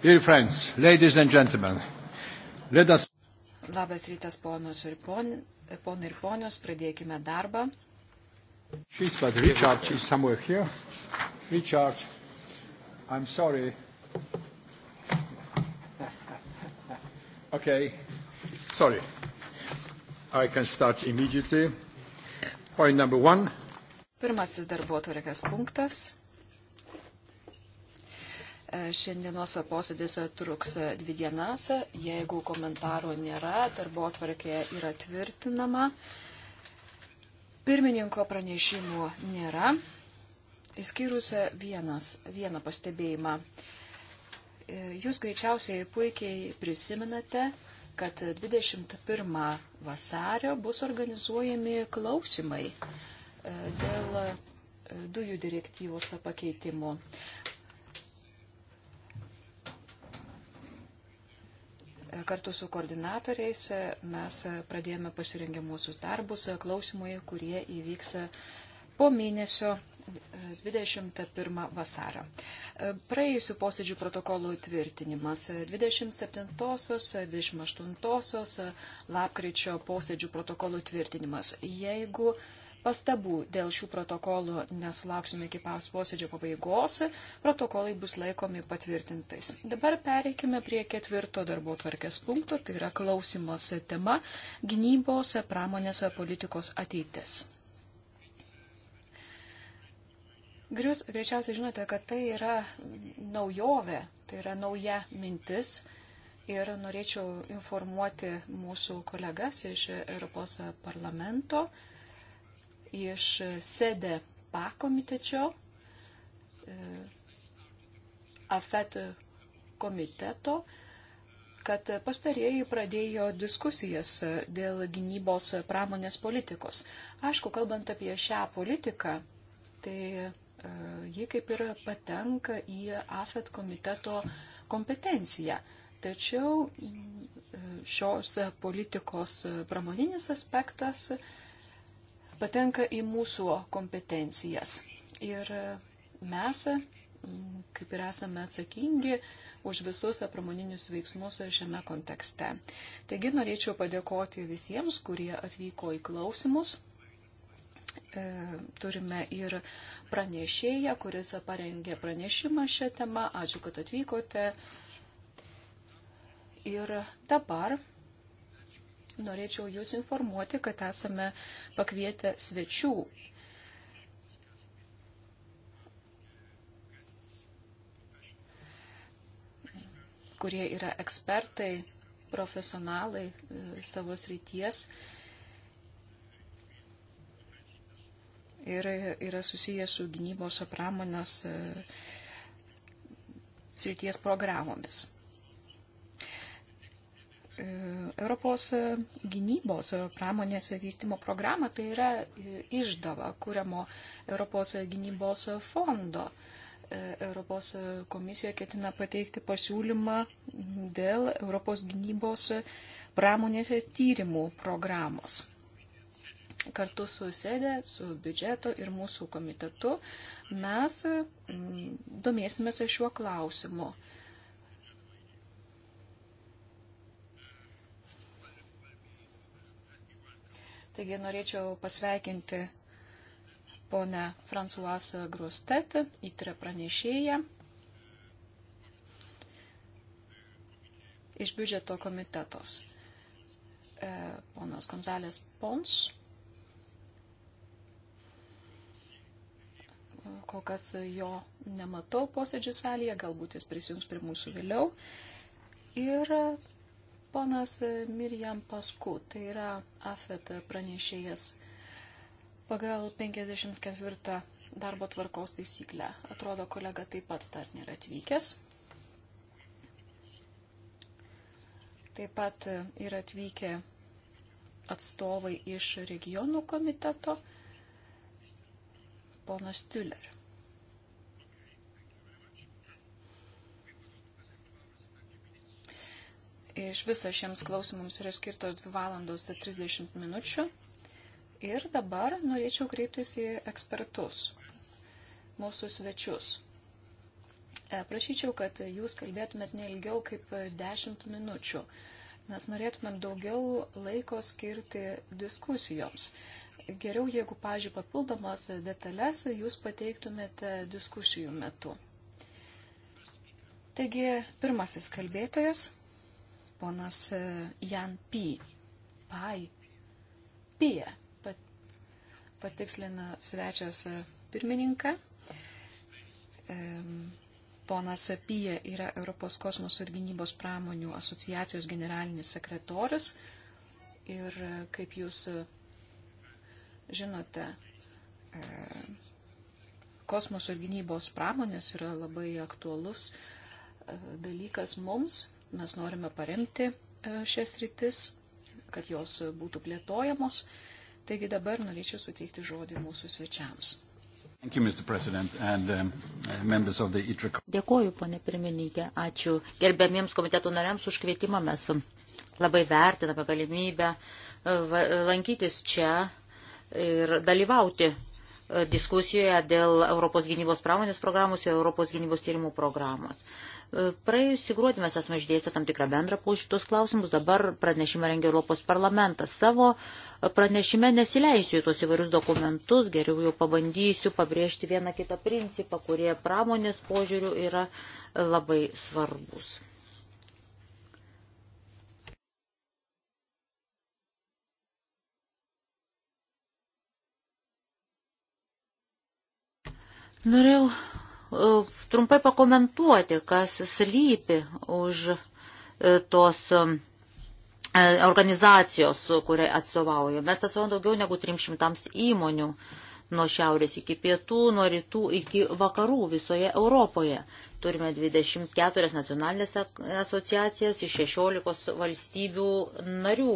Dear friends, ladies and gentlemen, let us. Labas rytas, ponos ir, pon, pon ir ponios, pradėkime darbą. She's but Richard is somewhere here. Richard, I'm sorry. okay, sorry. I can start immediately. Point number one. Pirmasis darbuotvarkės punktas E, šiandienos posėdis truks dvi dienas. Jeigu komentarų nėra, darbo atvarkė yra tvirtinama. Pirmininko pranešimų nėra, įskyrus vienas, vieną pastebėjimą. E, jūs greičiausiai puikiai prisimenate, kad 21 vasario bus organizuojami klausimai e, dėl dujų direktyvos pakeitimų. Kartu su koordinatoriais mes pradėjome pasirengiamusius darbus klausimui, kurie įvyks po mėnesio 21 vasarą. Praėjusių posėdžių protokolų tvirtinimas 27-28 lapkričio posėdžių protokolų tvirtinimas. Jeigu pastabų dėl šių protokolų nesulauksime iki paus posėdžio pabaigos, protokolai bus laikomi patvirtintais. Dabar pereikime prie ketvirto darbo tvarkės punkto, tai yra klausimas tema gynybos pramonės politikos ateitis. Grius, greičiausiai žinote, kad tai yra naujovė, tai yra nauja mintis. Ir norėčiau informuoti mūsų kolegas iš Europos parlamento, iš sėdė pakomitečio, e, AFET komiteto, kad pastarieji pradėjo diskusijas dėl gynybos pramonės politikos. Aišku, kalbant apie šią politiką, tai e, ji kaip ir patenka į AFET komiteto kompetenciją. Tačiau e, šios politikos pramoninis aspektas patenka į mūsų kompetencijas. Ir mes, kaip ir esame atsakingi, už visus apramoninius veiksmus šiame kontekste. Taigi norėčiau padėkoti visiems, kurie atvyko į klausimus. E, turime ir pranešėją, kuris parengė pranešimą šią temą. Ačiū, kad atvykote. Ir dabar norėčiau Jūs informuoti, kad esame pakvietę svečių. kurie yra ekspertai, profesionalai e, savo srities ir yra susijęs su gynybos pramonės e, srities programomis. E, Europos gynybos pramonės vystimo programą, tai yra e, išdava kuriamo Europos gynybos fondo. E, Europos komisija ketina pateikti pasiūlymą dėl Europos gynybos pramonės tyrimų programos. Kartu su sėdė, su biudžeto ir mūsų komitetu mes domėsimės šiuo klausimu. Taigi norėčiau pasveikinti ponę Fransuasą Grostetą, įtrę e pranešėją iš biudžeto komitetos. E, ponas Gonzalės Pons kol kas jo nematau posėdžių salėje, galbūt jis prisijungs prie mūsų vėliau. Ir Ponas Mirjam Pasku, tai yra AFET pranešėjas pagal 54 darbo tvarkos taisyklę. Atrodo, kolega taip pat dar nėra atvykęs. Taip pat yra atvykę atstovai iš regionų komiteto, ponas Tüller. Iš viso šiems klausimams yra skirtos 2 valandos 30 minučių. Ir dabar norėčiau kreiptis į ekspertus, mūsų svečius. E, prašyčiau, kad jūs kalbėtumėt neilgiau kaip 10 minučių, nes norėtumėm daugiau laiko skirti diskusijoms. Geriau, jeigu, pažiūrėjau, papildomas detalės jūs pateiktumėte diskusijų metu. Taigi, pirmasis kalbėtojas ponas e, Jan P. Pai. Pie. Patikslina svečias e, pirmininką. Ponas Pija yra Europos kosmoso ir gynybos pramonių asociacijos generalinis sekretorius. Ir e, kaip jūs žinote, kosmoso ir gynybos pramonės yra labai aktuolus dalykas mums, Mes norime paremti e, šias rytis, kad jos būtų plėtojamos. Taigi dabar norėčiau suteikti žodį mūsų svečiams. Um, uh, Dėkoju, ponė pirmininkė. Ačiū gerbiamiems komiteto nariams už kvietimą. Mes labai vertiname galimybę e, lankytis čia ir dalyvauti e, diskusijoje dėl Europos gynybos pramonės programos ir Europos gynybos tyrimų programos. E, praėjusį gruodį mes esame išdėstę tam tikrą bendrą požiūrį tuos klausimus, dabar pranešimą rengia Europos parlamentas. Savo pranešime nesileisiu į tuos įvairius dokumentus, geriau jau pabandysiu pabrėžti vieną kitą principą, kurie pramonės požiūrių yra labai svarbus. Norėjau trumpai pakomentuoti, kas slypi už e, tos e, organizacijos, kuriai atstovauju. Mes atstovaujame daugiau negu 300 įmonių nuo šiaurės iki pietų, nuo rytų iki vakarų visoje Europoje. Turime 24 nacionalinės asociacijas iš 16 valstybių narių.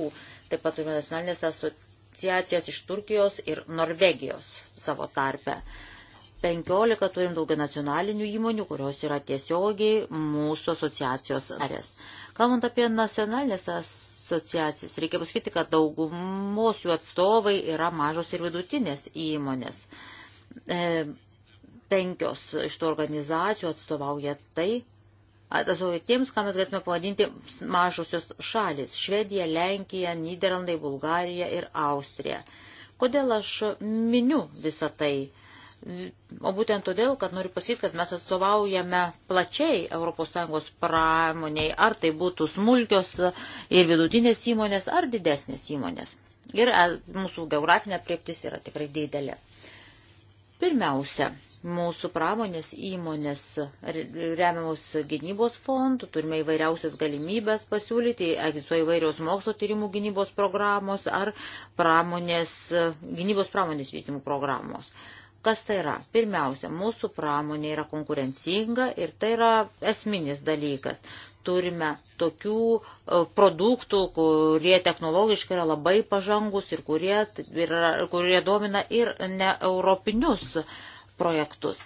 Taip pat turime nacionalinės asociacijas iš Turkijos ir Norvegijos savo tarpe. Uh, 15 turim daugia nacionalinių įmonių, kurios yra tiesiogiai mūsų asociacijos narės. Kalbant apie nacionalinės asociacijas, reikia pasakyti, kad daugumos jų atstovai yra mažos ir vidutinės įmonės. E, penkios iš tų organizacijų atstovauja tai, atstovauja tiems, ką mes galėtume pavadinti mažosios šalis - Švedija, Lenkija, Niderlandai, Bulgarija ir Austrija. Kodėl aš miniu visą tai? O būtent todėl, kad noriu pasakyti, kad mes atstovaujame plačiai ES pramoniai, ar tai būtų smulkios ir vidutinės įmonės, ar didesnės įmonės. Ir e, mūsų geografinė prieptis yra tikrai didelė. Pirmiausia, mūsų pramonės įmonės remiamos gynybos fondų, turime įvairiausias galimybės pasiūlyti, egzistuoja įvairios mokslo tyrimų gynybos programos ar pramonės, gynybos pramonės vystymų programos. Kas tai yra? Pirmiausia, mūsų pramonė yra konkurencinga ir tai yra esminis dalykas. Turime tokių e, produktų, kurie technologiškai yra labai pažangus ir kurie, yra, kurie domina ir ne europinius projektus.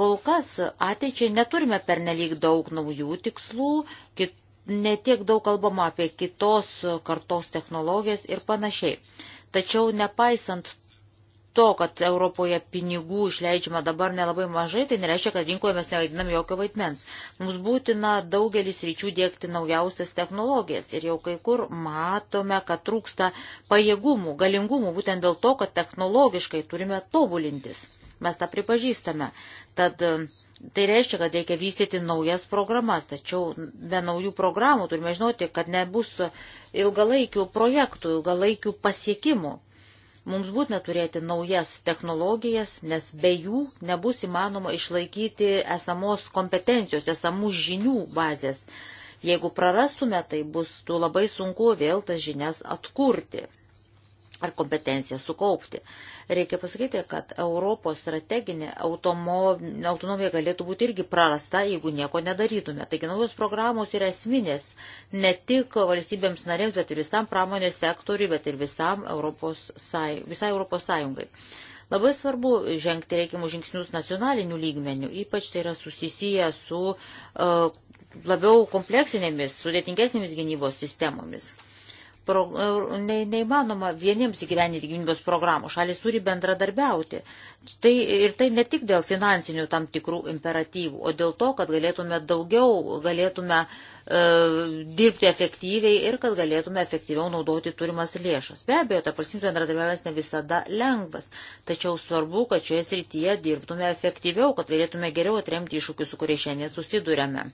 Kol kas ateičiai neturime pernelyg daug naujų tikslų, kit, netiek daug kalbama apie kitos kartos technologijas ir panašiai. Tačiau nepaisant to, kad Europoje pinigų išleidžiama dabar nelabai mažai, tai nereiškia, kad rinkoje mes nevaidinam jokio vaidmens. Mums būtina daugelis ryčių dėkti naujausias technologijas ir jau kai kur matome, kad trūksta pajėgumų, galingumų, būtent dėl to, kad technologiškai turime tobulintis. Mes tą pripažįstame. Tad e, tai reiškia, kad reikia vystyti naujas programas, tačiau be naujų programų turime žinoti, kad nebus ilgalaikių projektų, ilgalaikių pasiekimų Mums būtina turėti naujas technologijas, nes be jų nebus įmanoma išlaikyti esamos kompetencijos, esamų žinių bazės. Jeigu prarastume, tai bus tu labai sunku vėl tas žinias atkurti ar kompetenciją sukaupti. Reikia pasakyti, kad Europos strateginė autonomija galėtų būti irgi prarasta, jeigu nieko nedarytume. Taigi naujos programos yra esminės ne tik valstybėms narėms, bet ir visam pramonės sektoriui, bet ir visam Europos, visai Europos Sąjungai. Labai svarbu žengti reikiamus žingsnius nacionalinių lygmenių, ypač tai yra susisiję su uh, labiau kompleksinėmis, sudėtingesnėmis gynybos sistemomis pro, ne, neįmanoma vieniems įgyveninti gynybos programų. Šalis turi bendradarbiauti. Tai, ir tai ne tik dėl finansinių tam tikrų imperatyvų, o dėl to, kad galėtume daugiau, galėtume e, dirbti efektyviai ir kad galėtume efektyviau naudoti turimas lėšas. Be abejo, tarp valstybių bendradarbiavimas ne visada lengvas, tačiau svarbu, kad šioje srityje dirbtume efektyviau, kad galėtume geriau atremti iššūkius, su kuriais šiandien susidurėme.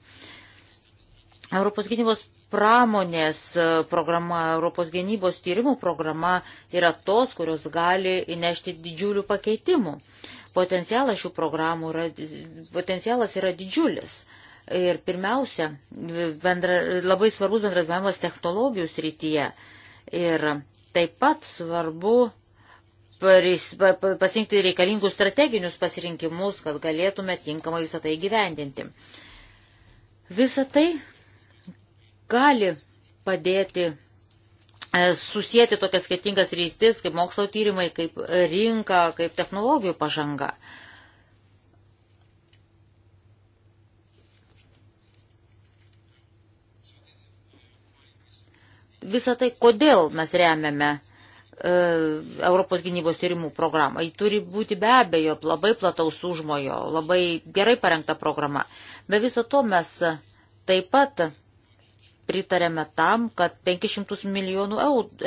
Europos gynybos pramonės e, programa, Europos gynybos tyrimų programa yra tos, kurios gali įnešti didžiulių pakeitimų. Potencialas šių programų yra, potencialas yra didžiulis. Ir pirmiausia, bendra, labai svarbus bendradarbiavimas technologijų srityje. Ir taip pat svarbu pasirinkti reikalingus strateginius pasirinkimus, kad galėtume tinkamai visą tai gyvendinti. Visą tai gali padėti e, susijęti tokias skirtingas rytis, kaip mokslo tyrimai, kaip rinka, kaip technologijų pažanga. Visą tai, kodėl mes remiame e, Europos gynybos tyrimų programą. Ji turi būti be abejo labai plataus užmojo, labai gerai parengta programa. Be viso to mes taip pat pritarėme tam, kad 500 milijonų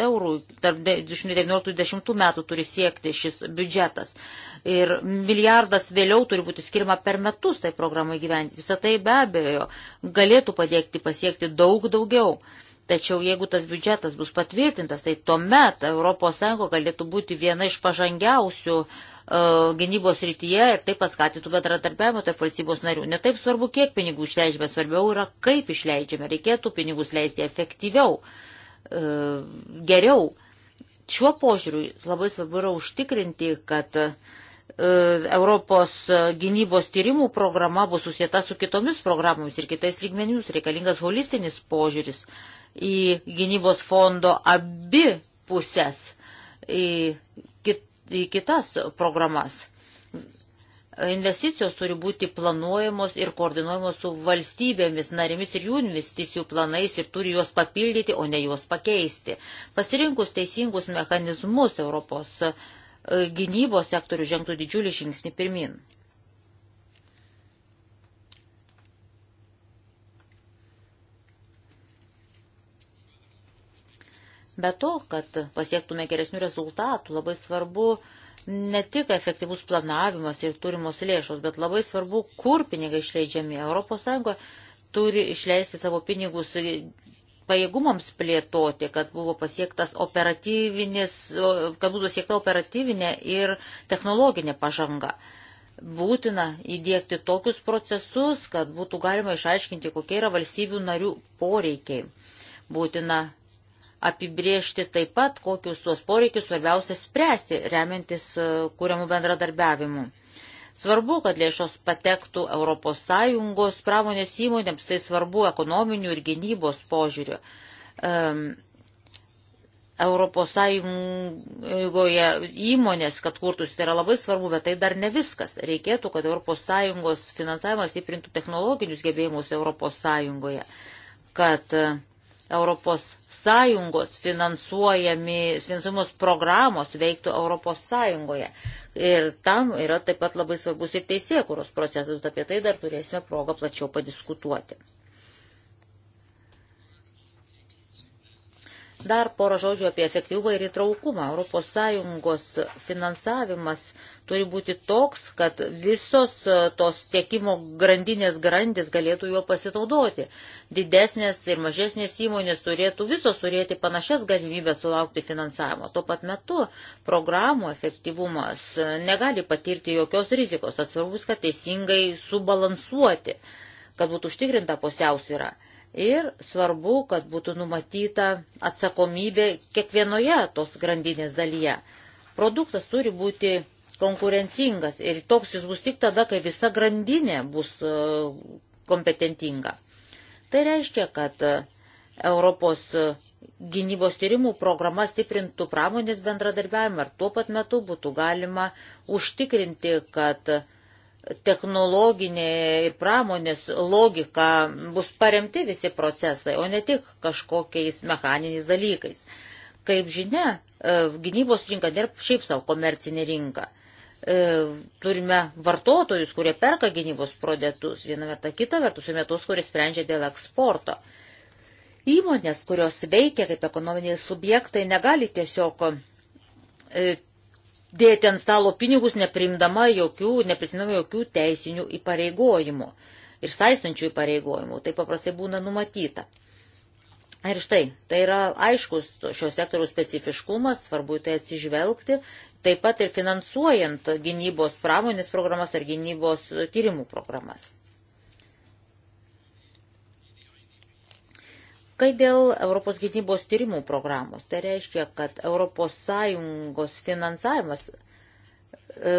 eurų tarp 2019-2020 metų turi siekti šis biudžetas. Ir milijardas vėliau turi būti skirima per metus tai programai gyventi. Visą tai be abejo galėtų padėkti pasiekti daug daugiau. Tačiau jeigu tas biudžetas bus patvirtintas, tai tuomet ES galėtų būti viena iš pažangiausių uh, E, gynybos rytyje ir tai paskatytų bendradarbiavimą tarp valstybos narių. Netaip svarbu, kiek pinigų išleidžiame, svarbiau yra, kaip išleidžiame. Reikėtų pinigus leisti efektyviau, e, geriau. Šiuo požiūriu labai svarbu yra užtikrinti, kad e, Europos gynybos tyrimų programa bus susieta su kitomis programomis ir kitais lygmenimis. Reikalingas holistinis požiūris į gynybos fondo abi pusės į į kitas programas. Investicijos turi būti planuojamos ir koordinuojamos su valstybėmis narėmis ir jų investicijų planais ir turi juos papildyti, o ne juos pakeisti. Pasirinkus teisingus mechanizmus Europos e, gynybos sektorių žengtų didžiulį žingsnį pirmin. Be to, kad pasiektume geresnių rezultatų, labai svarbu ne tik efektyvus planavimas ir turimos lėšos, bet labai svarbu, kur pinigai išleidžiami. ES turi išleisti savo pinigus pajėgumams plėtoti, kad buvo pasiektas operatyvinis, kad būtų siekta operatyvinė ir technologinė pažanga. Būtina įdėkti tokius procesus, kad būtų galima išaiškinti, kokie yra valstybių narių poreikiai. Būtina apibriežti taip pat, kokius tuos poreikius svarbiausia spręsti, remiantis e, kūriamų bendradarbiavimu. Svarbu, kad lėšos patektų ES pramonės įmonėms, tai svarbu ekonominių ir gynybos požiūrių. Um, Europos Sąjungoje įmonės, kad kurtųsi, tai yra labai svarbu, bet tai dar ne viskas. Reikėtų, kad Europos Sąjungos finansavimas įprintų technologinius gebėjimus Europos Sąjungoje, kad uh, Europos Sąjungos finansuojamos programos veiktų Europos Sąjungoje. Ir tam yra taip pat labai svarbus ir teisėkuros procesas, apie tai dar turėsime progą plačiau padiskutuoti. Dar porą žodžių apie efektyvumą ir įtraukumą. ES finansavimas turi būti toks, kad visos e, tos tiekimo grandinės grandis galėtų juo pasitaudoti. Didesnės ir mažesnės įmonės turėtų visos turėti panašias galimybės sulaukti finansavimo. Tuo pat metu programų efektyvumas e, negali patirti jokios rizikos. Atsvarbus, kad teisingai subalansuoti, kad būtų užtikrinta pusiausvyrą Ir svarbu, kad būtų numatyta atsakomybė kiekvienoje tos grandinės dalyje. Produktas turi būti konkurencingas ir toks jis bus tik tada, kai visa grandinė bus e, kompetentinga. Tai reiškia, kad e, Europos e, gynybos tyrimų programa stiprintų pramonės bendradarbiavimą ir tuo pat metu būtų galima užtikrinti, kad technologinė ir pramonės logika bus paremti visi procesai, o ne tik kažkokiais mechaniniais dalykais. Kaip žinia, e, gynybos rinka nėra šiaip savo komercinė rinka. E, turime vartotojus, kurie perka gynybos produktus, vieną vertą, kitą vertus, ir metus, kurie sprendžia dėl eksporto. Įmonės, kurios veikia kaip ekonominiai subjektai, negali tiesiog e, dėti ant stalo pinigus, neprimdama jokių, neprisimdama jokių teisinių įpareigojimų ir saistančių įpareigojimų. Tai paprastai būna numatyta. Ir štai, tai yra aiškus šio sektoriaus specifiškumas, svarbu tai atsižvelgti, taip pat ir finansuojant gynybos pramonės programas ar gynybos tyrimų programas. Kai dėl Europos gynybos tyrimų programos, tai reiškia, kad ES finansavimas e,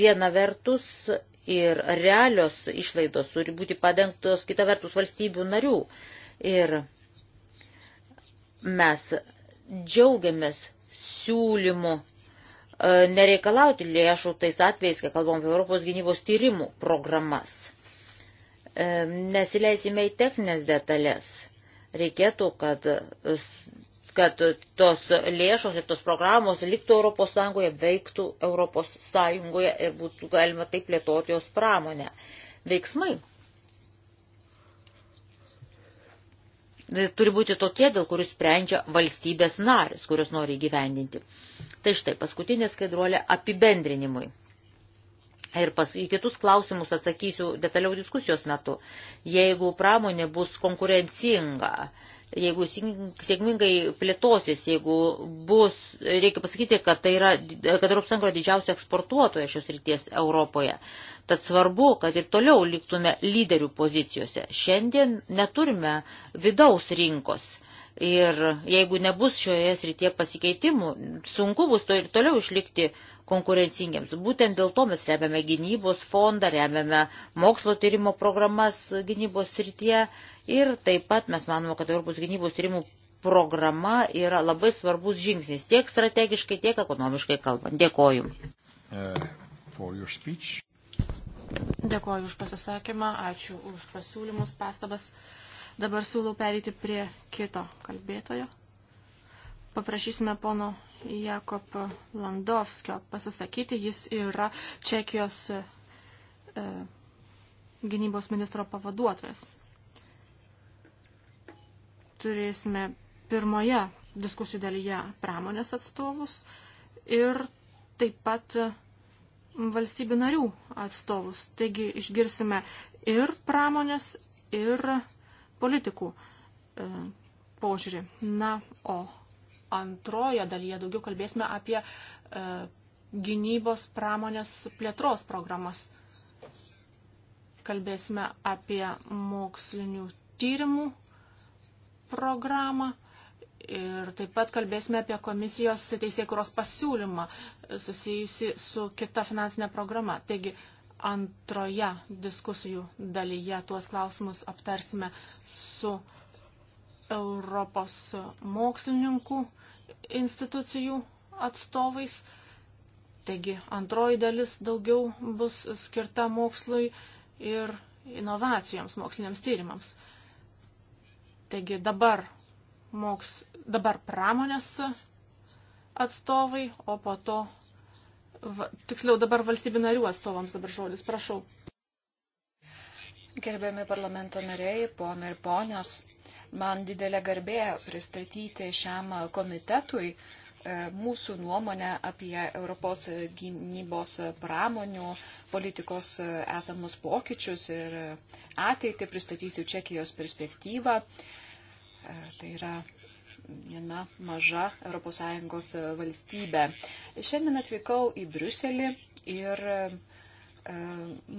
viena vertus ir realios išlaidos turi būti padengtos kita vertus valstybių narių. Ir mes džiaugiamės siūlymu e, nereikalauti lėšų tais atvejais, kai kalbam apie Europos gynybos tyrimų programas. E, nesileisime į techninės detalės reikėtų, kad, kad tos lėšos ir tos programos liktų ES, veiktų ES ir būtų galima taip plėtoti jos pramonę. Veiksmai turi būti tokie, dėl kurių sprendžia valstybės narės, kurios nori gyvendinti. Tai štai paskutinė skaidruolė apibendrinimui. Ir pas, į kitus klausimus atsakysiu detaliau diskusijos metu. Jeigu pramonė bus konkurencinga, jeigu sėkmingai plėtosis, jeigu bus, reikia pasakyti, kad tai yra, kad Europos Sąjunga yra didžiausia eksportuotoja šios ryties Europoje. Tad svarbu, kad ir toliau liktume lyderių pozicijose. Šiandien neturime vidaus rinkos. Ir jeigu nebus šioje srityje pasikeitimų, sunku bus to ir toliau išlikti konkurencingiams. Būtent dėl to mes remiame gynybos fondą, remiame mokslo tyrimo programas gynybos srityje ir taip pat mes manome, kad Europos gynybos tyrimų programa yra labai svarbus žingsnis tiek strategiškai, tiek ekonomiškai kalbant. Dėkoju. Uh, Dėkoju už pasisakymą, ačiū už pasiūlymus, pastabas. Dabar siūlau perėti prie kito kalbėtojo. Paprašysime pono Jakob Landovskio pasisakyti. Jis yra Čekijos e, gynybos ministro pavaduotojas. Turėsime pirmoje diskusijų dalyje pramonės atstovus ir taip pat valstybių narių atstovus. Taigi išgirsime ir pramonės, ir politikų e, požiūrį. Na, o antroje dalyje daugiau kalbėsime apie e, gynybos pramonės plėtros programas. Kalbėsime apie mokslinių tyrimų programą ir taip pat kalbėsime apie komisijos teisėkuros pasiūlymą susijusi su kita finansinė programa. Taigi antroje diskusijų dalyje tuos klausimus aptarsime su Europos mokslininkų institucijų atstovais. Taigi antroji dalis daugiau bus skirta mokslui ir inovacijoms, moksliniams tyrimams. Taigi dabar, moks, dabar pramonės atstovai, o po to, va, tiksliau dabar valstybių narių atstovams dabar žodis, prašau. Gerbiami parlamento nariai, ponai ir ponios, Man didelė garbė pristatyti šiam komitetui e, mūsų nuomonę apie Europos gynybos pramonių politikos e, esamus pokyčius ir ateitį. Pristatysiu Čekijos perspektyvą. E, tai yra viena maža ES valstybė. Šiandien atvykau į Briuselį ir E,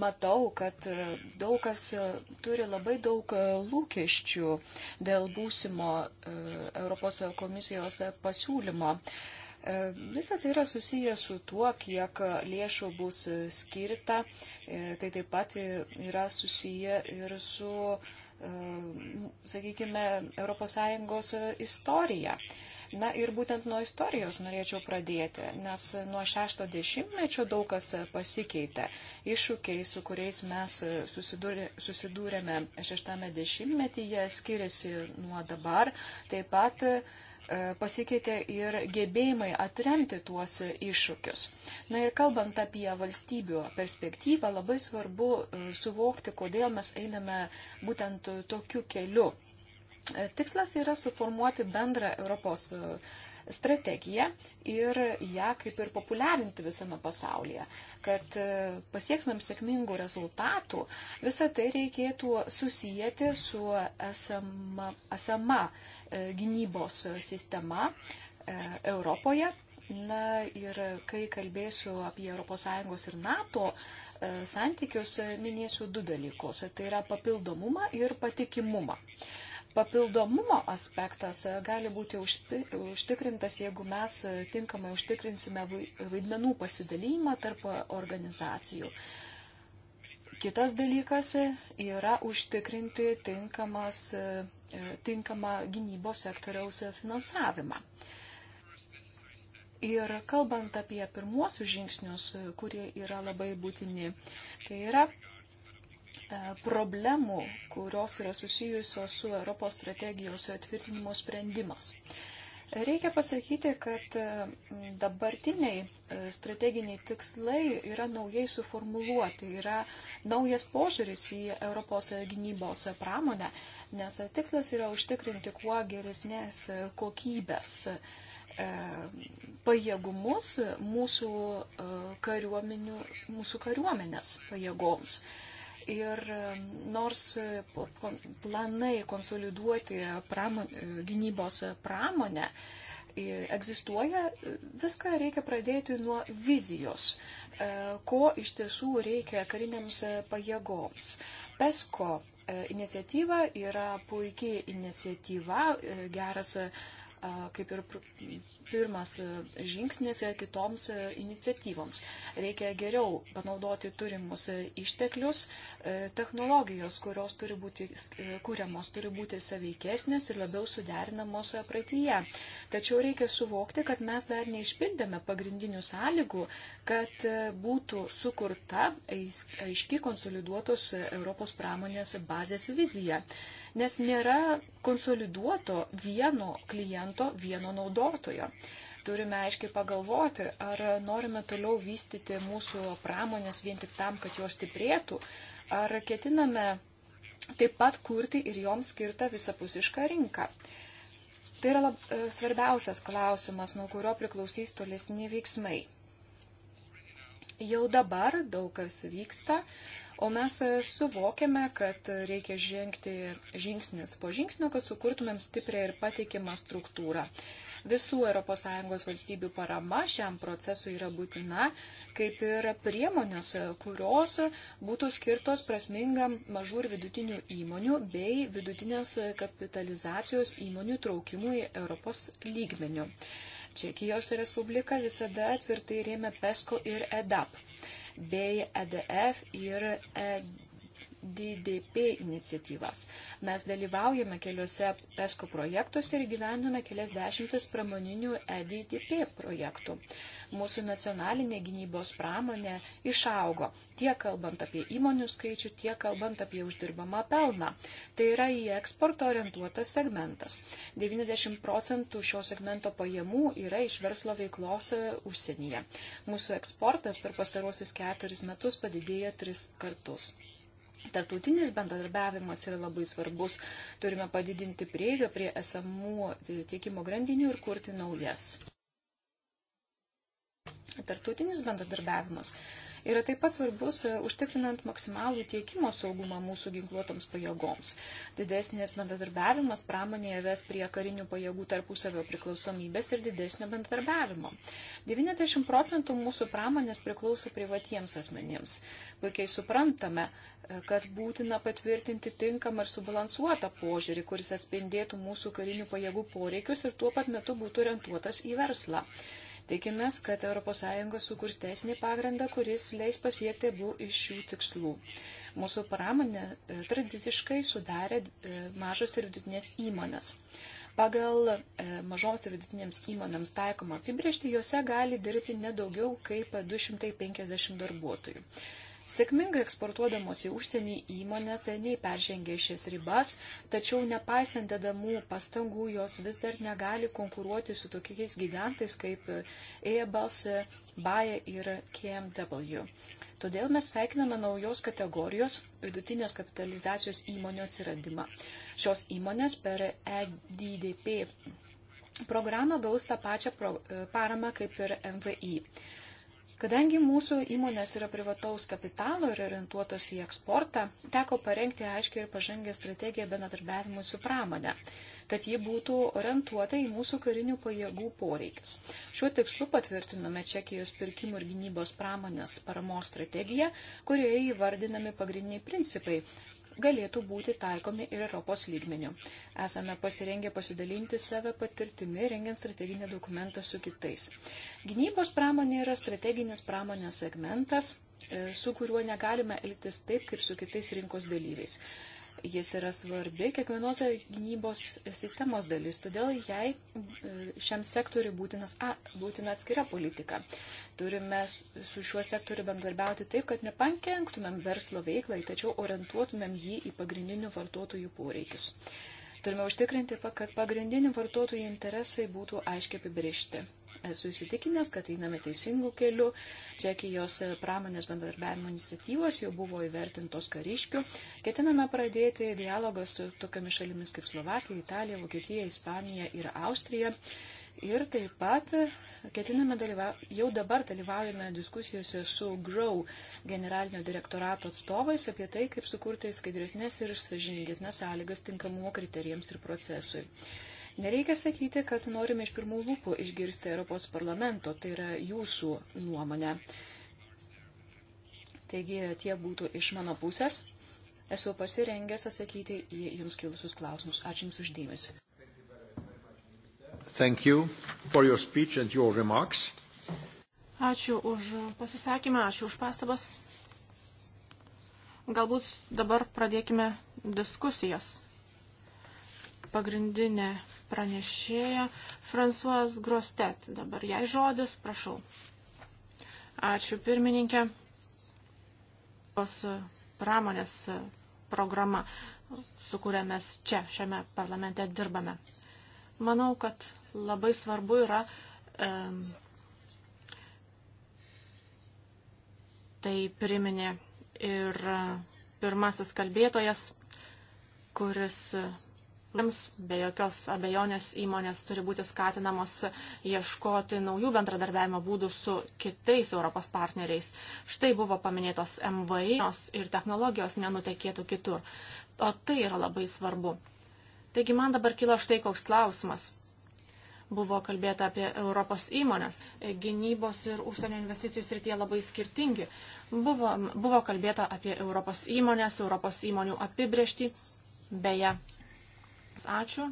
matau, kad e, daug kas e, turi labai daug lūkesčių dėl būsimo Europos komisijos pasiūlymo. Visą tai yra susiję su tuo, kiek lėšų bus skirta. Tai taip pat yra susiję ir su, sakykime, ES istorija. Na ir būtent nuo istorijos norėčiau pradėti, nes nuo 60-mečio daug kas pasikeitė. Iššūkiai, su kuriais mes susidūrė, susidūrėme 60-metyje, skiriasi nuo dabar. Taip pat e, pasikeitė ir gebėjimai atremti tuos iššūkius. Na ir kalbant apie valstybių perspektyvą, labai svarbu e, suvokti, kodėl mes einame būtent tokiu keliu. Tikslas yra suformuoti bendrą Europos e, strategiją ir ją kaip ir populiarinti visame pasaulyje. Kad e, pasiektumėm sėkmingų rezultatų, visą tai reikėtų susijęti su esama, esama e, gynybos sistema Europoje. Na ir kai kalbėsiu apie ES ir NATO santykius, minėsiu du dalykus. Tai yra papildomumą ir patikimumą papildomumo aspektas e, gali būti užtikrintas, jeigu mes e, tinkamai užtikrinsime vaidmenų pasidalymą tarp e, organizacijų. Kitas dalykas yra užtikrinti tinkamas, tinkamą gynybos sektoriaus finansavimą. Ir kalbant apie pirmuosius žingsnius, kurie yra labai būtini, tai yra E, problemų, kurios yra susijusios su Europos strategijos atvirtinimo sprendimas. Reikia pasakyti, kad e, dabartiniai e, strateginiai tikslai yra naujai suformuluoti, yra naujas požiūris į Europos gynybos pramonę, nes tikslas yra užtikrinti kuo geresnės kokybės pajėgumus mūsų, mūsų kariuomenės pajėgoms. Ir nors e, planai konsoliduoti pramon, e, gynybos pramonę e, egzistuoja, viską reikia pradėti nuo vizijos, ko iš tiesų reikia kariniams pajėgoms. PESCO iniciatyva yra puikiai iniciatyva, geras kaip ir pirmas žingsnis e, kitoms e, iniciatyvoms. Reikia geriau panaudoti turimus e, išteklius, technologijos, kurios turi būti kūriamos, turi būti saveikesnės ir labiau suderinamos praeityje. Tačiau reikia suvokti, kad mes dar neišpildėme pagrindinių sąlygų, kad būtų sukurta aiški konsoliduotos Europos pramonės bazės vizija nes nėra konsoliduoto vieno kliento, vieno naudotojo. Turime aiškiai pagalvoti, ar norime toliau vystyti mūsų pramonės vien tik tam, kad jos stiprėtų, ar ketiname taip pat kurti ir joms skirtą visapusišką rinką. Tai yra lab, e, svarbiausias klausimas, nuo kurio priklausys tolesni veiksmai. Jau dabar daug kas vyksta, O mes e, suvokiame, kad reikia žengti žingsnis po žingsnio, kad sukurtumėm stiprią ir patikimą struktūrą. Visų ES valstybių parama šiam procesui yra būtina, kaip ir priemonės, kurios būtų skirtos prasmingam mažų ir vidutinių įmonių bei vidutinės kapitalizacijos įmonių traukimui Europos lygmeniu. Čekijos Respublika visada tvirtai rėmė PESCO ir EDAP bei EDF ir ED. DDP iniciatyvas. Mes dalyvaujame keliuose PESCO projektuose ir gyvename kelias dešimtis pramoninių EDDP projektų. Mūsų nacionalinė gynybos pramonė išaugo tiek kalbant apie įmonių skaičių, tiek kalbant apie uždirbamą pelną. Tai yra į eksporto orientuotas segmentas. 90 procentų šio segmento pajamų yra iš verslo veiklos e, užsienyje. Mūsų eksportas per pastarosius keturis metus padidėjo tris kartus. Tartautinis bendradarbiavimas yra labai svarbus. Turime padidinti prieigą prie esamų tiekimo grandinių ir kurti naujas. Tartautinis bendradarbiavimas yra taip pat svarbus e, užtikrinant maksimalų tiekimo saugumą mūsų ginkluotoms pajėgoms. Didesnis bendradarbiavimas pramonėje ves prie karinių pajėgų tarpusavio priklausomybės ir didesnio bendradarbiavimo. 90 procentų mūsų pramonės priklauso privatiems asmenims. Puikiai suprantame, e, kad būtina patvirtinti tinkamą ir subalansuotą požiūrį, kuris atspindėtų mūsų karinių pajėgų poreikius ir tuo pat metu būtų orientuotas į verslą. Tikimės, kad ES sukurs teisinį pagrindą, kuris leis pasiekti abu iš šių tikslų. Mūsų pramonė e, tradiciškai sudarė e, mažos ir vidutinės įmonės. Pagal e, mažoms ir vidutinėms įmonėms taikomą apibriežtį, juose gali dirbti nedaugiau kaip 250 darbuotojų. Sėkmingai eksportuodamos į užsienį įmonės seniai peržengė šias ribas, tačiau nepaisant dedamų pastangų jos vis dar negali konkuruoti su tokiais gigantais kaip Airbus, Bayer ir KMW. Todėl mes sveikiname naujos kategorijos vidutinės kapitalizacijos įmonių atsiradimą. Šios įmonės per EDDP programą gaus tą pačią paramą kaip ir MVI. Kadangi mūsų įmonės yra privataus kapitalo ir orientuotos į eksportą, teko parengti aiškiai ir pažangę strategiją bendradarbiavimui su pramonė, kad ji būtų orientuota į mūsų karinių pajėgų poreikius. Šiuo tikslu patvirtinome Čekijos pirkimų ir gynybos pramonės paramos strategiją, kurioje įvardinami pagrindiniai principai galėtų būti taikomi ir Europos lygmeniu. Esame pasirengę pasidalinti save patirtimi, rengiant strateginį dokumentą su kitais. Gynybos pramonė yra strateginis pramonės segmentas, e, su kuriuo negalime elgtis taip, kaip su kitais rinkos dalyviais jis yra svarbi kiekvienos gynybos sistemos dalis, todėl jai e, šiam sektoriu būtinas, a, būtina atskira politika. Turime su šiuo sektoriu bendarbiauti taip, kad nepakenktumėm verslo veiklai, tačiau orientuotumėm jį į pagrindinių vartotojų poreikius. Turime užtikrinti, kad pagrindiniai vartotojų interesai būtų aiškiai apibrišti. Esu įsitikinęs, kad einame teisingų kelių. Čekijos pramonės bendradarbiavimo iniciatyvos jau buvo įvertintos kariškių. Ketiname pradėti dialogą su tokiamis šalimis kaip Slovakija, Italija, Vokietija, Ispanija ir Austrija. Ir taip pat ketiname dalyvauti, jau dabar dalyvaujame diskusijose su GROW generalinio direktorato atstovais apie tai, kaip sukurti skaidresnės ir sažiningesnės sąlygas tinkamumo kriterijams ir procesui. Nereikia sakyti, kad norime iš pirmų lūpų išgirsti Europos parlamento, tai yra jūsų nuomonę. Taigi tie būtų iš mano pusės. Esu pasirengęs atsakyti į jums kilusius klausimus. Ačiū Jums uždėmesi thank you for your speech and your remarks. Ačiū už pasisakymą, ačiū už pastabas. Galbūt dabar pradėkime diskusijas. Pagrindinė pranešėja Fransuas Grostet. Dabar jai žodis, prašau. Ačiū pirmininkė. Tos pramonės programa, su kuria mes čia, šiame parlamente dirbame. Manau, kad labai svarbu yra e, tai priminė ir e, pirmasis kalbėtojas, kuris e, be jokios abejonės įmonės turi būti skatinamos ieškoti naujų bendradarbiavimo būdų su kitais Europos partneriais. Štai buvo paminėtos MVI ir technologijos nenutekėtų kitur. O tai yra labai svarbu. Taigi man dabar kilo štai koks klausimas. Buvo kalbėta apie Europos įmonės. Gynybos ir užsienio investicijų srityje labai skirtingi. Buvo, buvo kalbėta apie Europos įmonės, Europos įmonių apibriešti. Beje, ačiū.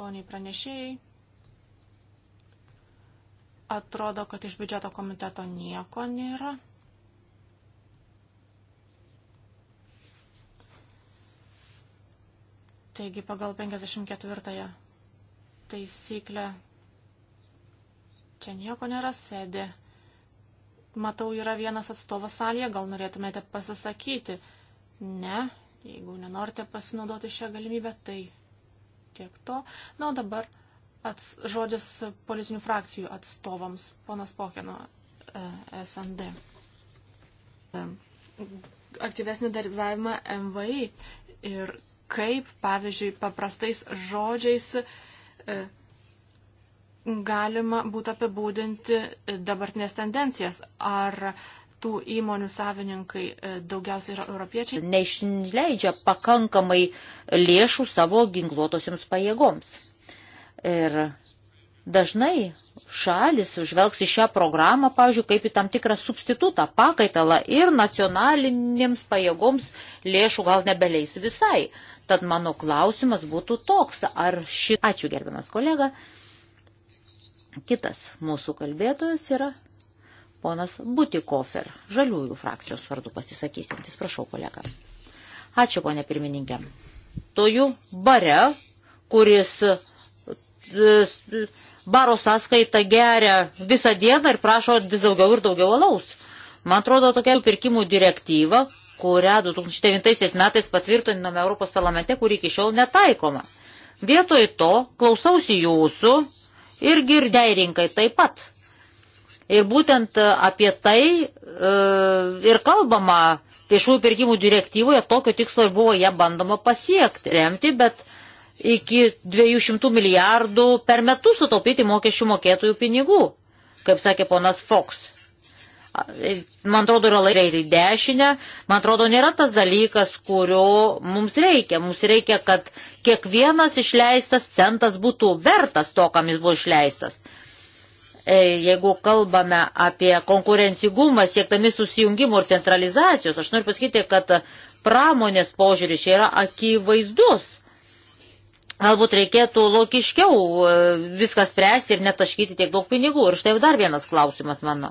Poniai pranešėjai. Atrodo, kad iš biudžeto komiteto nieko nėra. Taigi pagal 54 taisyklę čia nieko nėra sėdė. Matau, yra vienas atstovas salėje, gal norėtumėte pasisakyti. Ne, jeigu nenorite pasinaudoti šią galimybę, tai tiek to. Na, o dabar ats, žodis politinių frakcijų atstovams. Ponas Pokino, e, SND. Aktyvesnį dalyvavimą MVI ir kaip, pavyzdžiui, paprastais žodžiais e, galima būtų apibūdinti dabartinės tendencijas. Ar tų įmonių savininkai e, daugiausiai yra europiečiai? Neišleidžia pakankamai lėšų savo ginkluotosiams pajėgoms. Ir Dažnai šalis žvelgs į šią programą, pavyzdžiui, kaip į tam tikrą substitutą, pakaitalą ir nacionalinėms pajėgoms lėšų gal nebeleis visai. Tad mano klausimas būtų toks, ar ši... Ačiū gerbiamas kolega. Kitas mūsų kalbėtojas yra ponas Butikofer, žaliųjų frakcijos vardu pasisakysintis. Prašau, kolega. Ačiū, ponė pirmininkė. Toju bare, kuris e, baro sąskaitą geria visą dieną ir prašo vis daugiau ir daugiau alaus. Man atrodo, tokia pirkimų direktyva, kurią 2009 metais patvirtinome Europos parlamente, kuri iki šiol netaikoma. Vietoj to klausausi jūsų ir girdėjai rinkai taip pat. Ir būtent e, apie tai e, ir kalbama viešųjų pirkimų direktyvoje, tokio tikslo ir buvo ją bandoma pasiekti, remti, bet iki 200 milijardų per metus sutaupyti mokesčių mokėtojų pinigų, kaip sakė ponas Fox. E, man atrodo, yra laikai dešinę, man atrodo, nėra tas dalykas, kurio mums reikia. Mums reikia, kad kiekvienas išleistas centas būtų vertas to, kam jis buvo išleistas e, jeigu kalbame apie konkurencigumą siektami susijungimo ir centralizacijos, aš noriu pasakyti, kad pramonės požiūris čia yra akivaizdus. Galbūt reikėtų logiškiau e, viską spręsti ir netaškyti tiek daug pinigų. Ir štai dar vienas klausimas mano.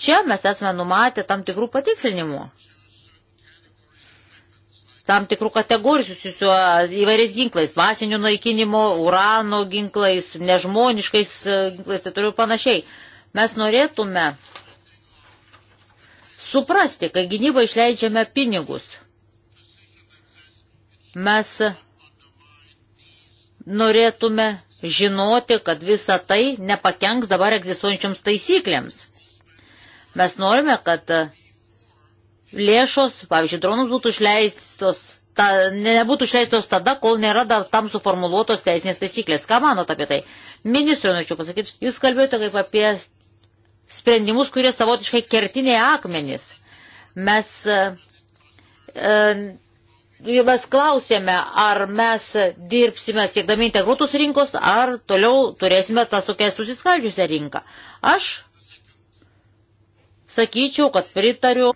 Čia mes esame numatę tam tikrų patikslinimų. Tam tikrų kategorijų susijusių e, įvairiais ginklais, masinių naikinimo, urano ginklais, nežmoniškais e, ginklais, tai turiu panašiai. Mes norėtume suprasti, kai gynybą išleidžiame pinigus. Mes norėtume žinoti, kad visa tai nepakenks dabar egzistuojančioms taisyklėms. Mes norime, kad lėšos, pavyzdžiui, dronus būtų išleistos, ta, nebūtų išleistos tada, kol nėra dar tam suformuluotos teisinės taisyklės. Ką manot apie tai? Ministrui norėčiau pasakyti, jūs kalbėjote kaip apie sprendimus, kurie savotiškai kertiniai akmenys. Mes e, e mes klausėme, ar mes dirbsime siekdami integruotus rinkos, ar toliau turėsime tą tokią susiskaldžiusią rinką. Aš sakyčiau, kad pritariu,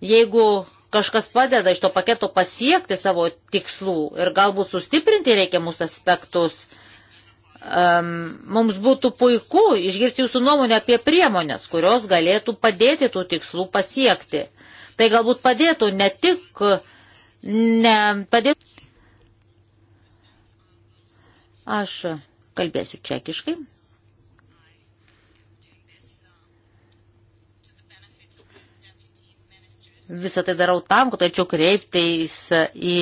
jeigu kažkas padeda iš to paketo pasiekti savo tikslų ir galbūt sustiprinti reikiamus aspektus, um, mums būtų puiku išgirsti jūsų nuomonę apie priemonės, kurios galėtų padėti tų tikslų pasiekti. Tai galbūt padėtų ne tik uh, nepadėtų. Aš kalbėsiu čekiškai. Visą tai darau tam, kad tačiau kreipteis į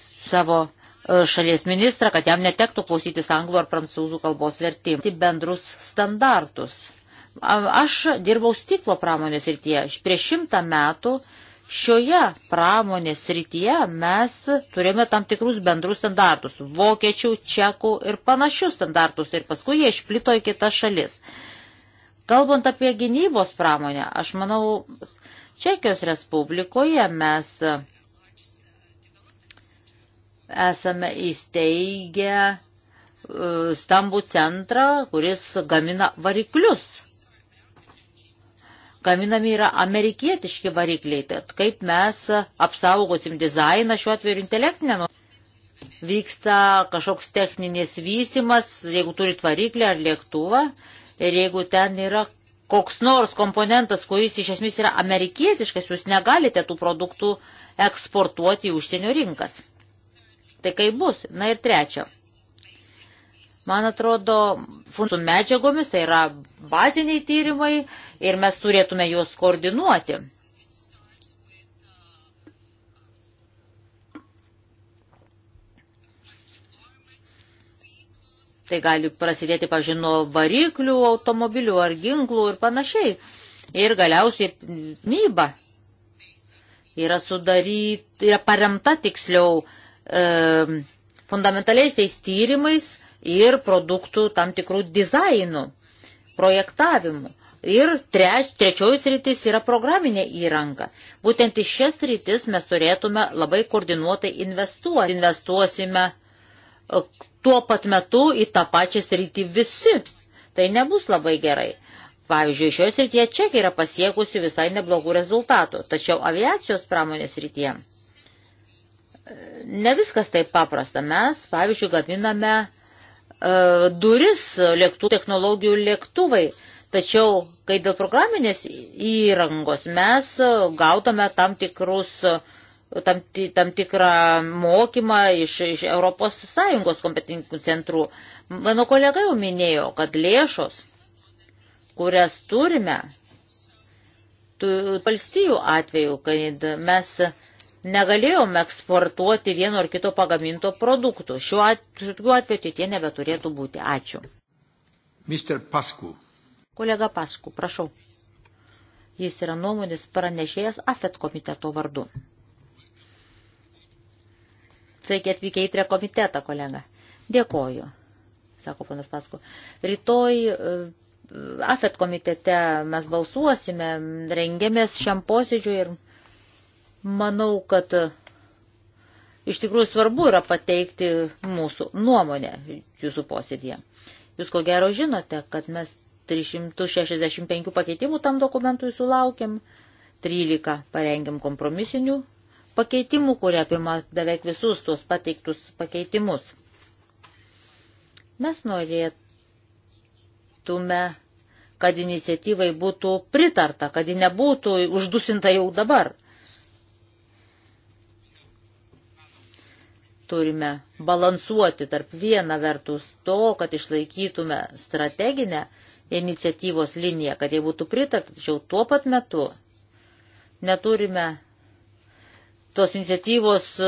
savo e, šalies ministrą, kad jam netektų klausytis anglų ar prancūzų kalbos vertimų. Tai bendrus standartus. Aš dirbau stiklo pramonės ir tie. Prieš šimtą metų uh, Šioje pramonės srityje mes turėjome tam tikrus bendrus standartus - vokiečių, čekų ir panašius standartus, ir paskui jie išplito į kitas šalis. Kalbant apie gynybos pramonę, aš manau, Čekijos Respublikoje mes esame įsteigę e, stambų centrą, kuris gamina variklius gaminami yra amerikietiški varikliai. Tad kaip mes apsaugosim dizainą šiuo atveju ir intelektinę nuosavybę? Vyksta kažkoks techninis vystimas, jeigu turit variklį ar lėktuvą ir jeigu ten yra koks nors komponentas, kuris iš esmės yra amerikietiškas, jūs negalite tų produktų eksportuoti į užsienio rinkas. Tai kaip bus? Na ir trečia. Man atrodo, su medžiagomis tai yra baziniai tyrimai ir mes turėtume juos koordinuoti. Tai gali prasidėti, pažino, variklių, automobilių ar ginklų ir panašiai. Ir galiausiai myba yra sudaryta, yra paremta tiksliau e, fundamentaliais teis tyrimais, ir produktų tam tikrų dizainų, projektavimų. Ir treč, trečioji sritis yra programinė įranga. Būtent į šias sritis mes turėtume labai koordinuotai investuoti. Investuosime e, tuo pat metu į tą pačią sritį visi. Tai nebus labai gerai. Pavyzdžiui, šioje srityje Čekija yra pasiekusi visai neblogų rezultatų, tačiau aviacijos pramonės srityje e, ne viskas taip paprasta. Mes, pavyzdžiui, gaminame E, duris lėktų, technologijų lėktuvai. Tačiau, kai dėl programinės įrangos mes gautame tam tikrus, tam, tam tikrą mokymą iš, iš ES kompetentinių centrų, mano kolega jau minėjo, kad lėšos, kurias turime, tu, valstijų atveju, kai mes negalėjome eksportuoti vieno ar kito pagaminto produktų. Šiuo atveju ateitie nebeturėtų būti. Ačiū. Mr. Pasku. Kolega Pasku, prašau. Jis yra nuomonės pranešėjas AFET komiteto vardu. Sveiki atvykę į tre komitetą, kolega. Dėkoju, sako panas Pasku. Rytoj e, AFET komitete mes balsuosime, rengiamės šiam posėdžiui ir Manau, kad e, iš tikrųjų svarbu yra pateikti mūsų nuomonę jūsų posėdėje. Jūs ko gero žinote, kad mes 365 pakeitimų tam dokumentui sulaukėm, 13 parengėm kompromisinių pakeitimų, kurie apima beveik visus tuos pateiktus pakeitimus. Mes norėtume, kad iniciatyvai būtų pritarta, kad ji nebūtų uždusinta jau dabar – turime balansuoti tarp viena vertus to, kad išlaikytume strateginę iniciatyvos liniją, kad jie būtų pritarta, tačiau tuo pat metu neturime tos iniciatyvos e,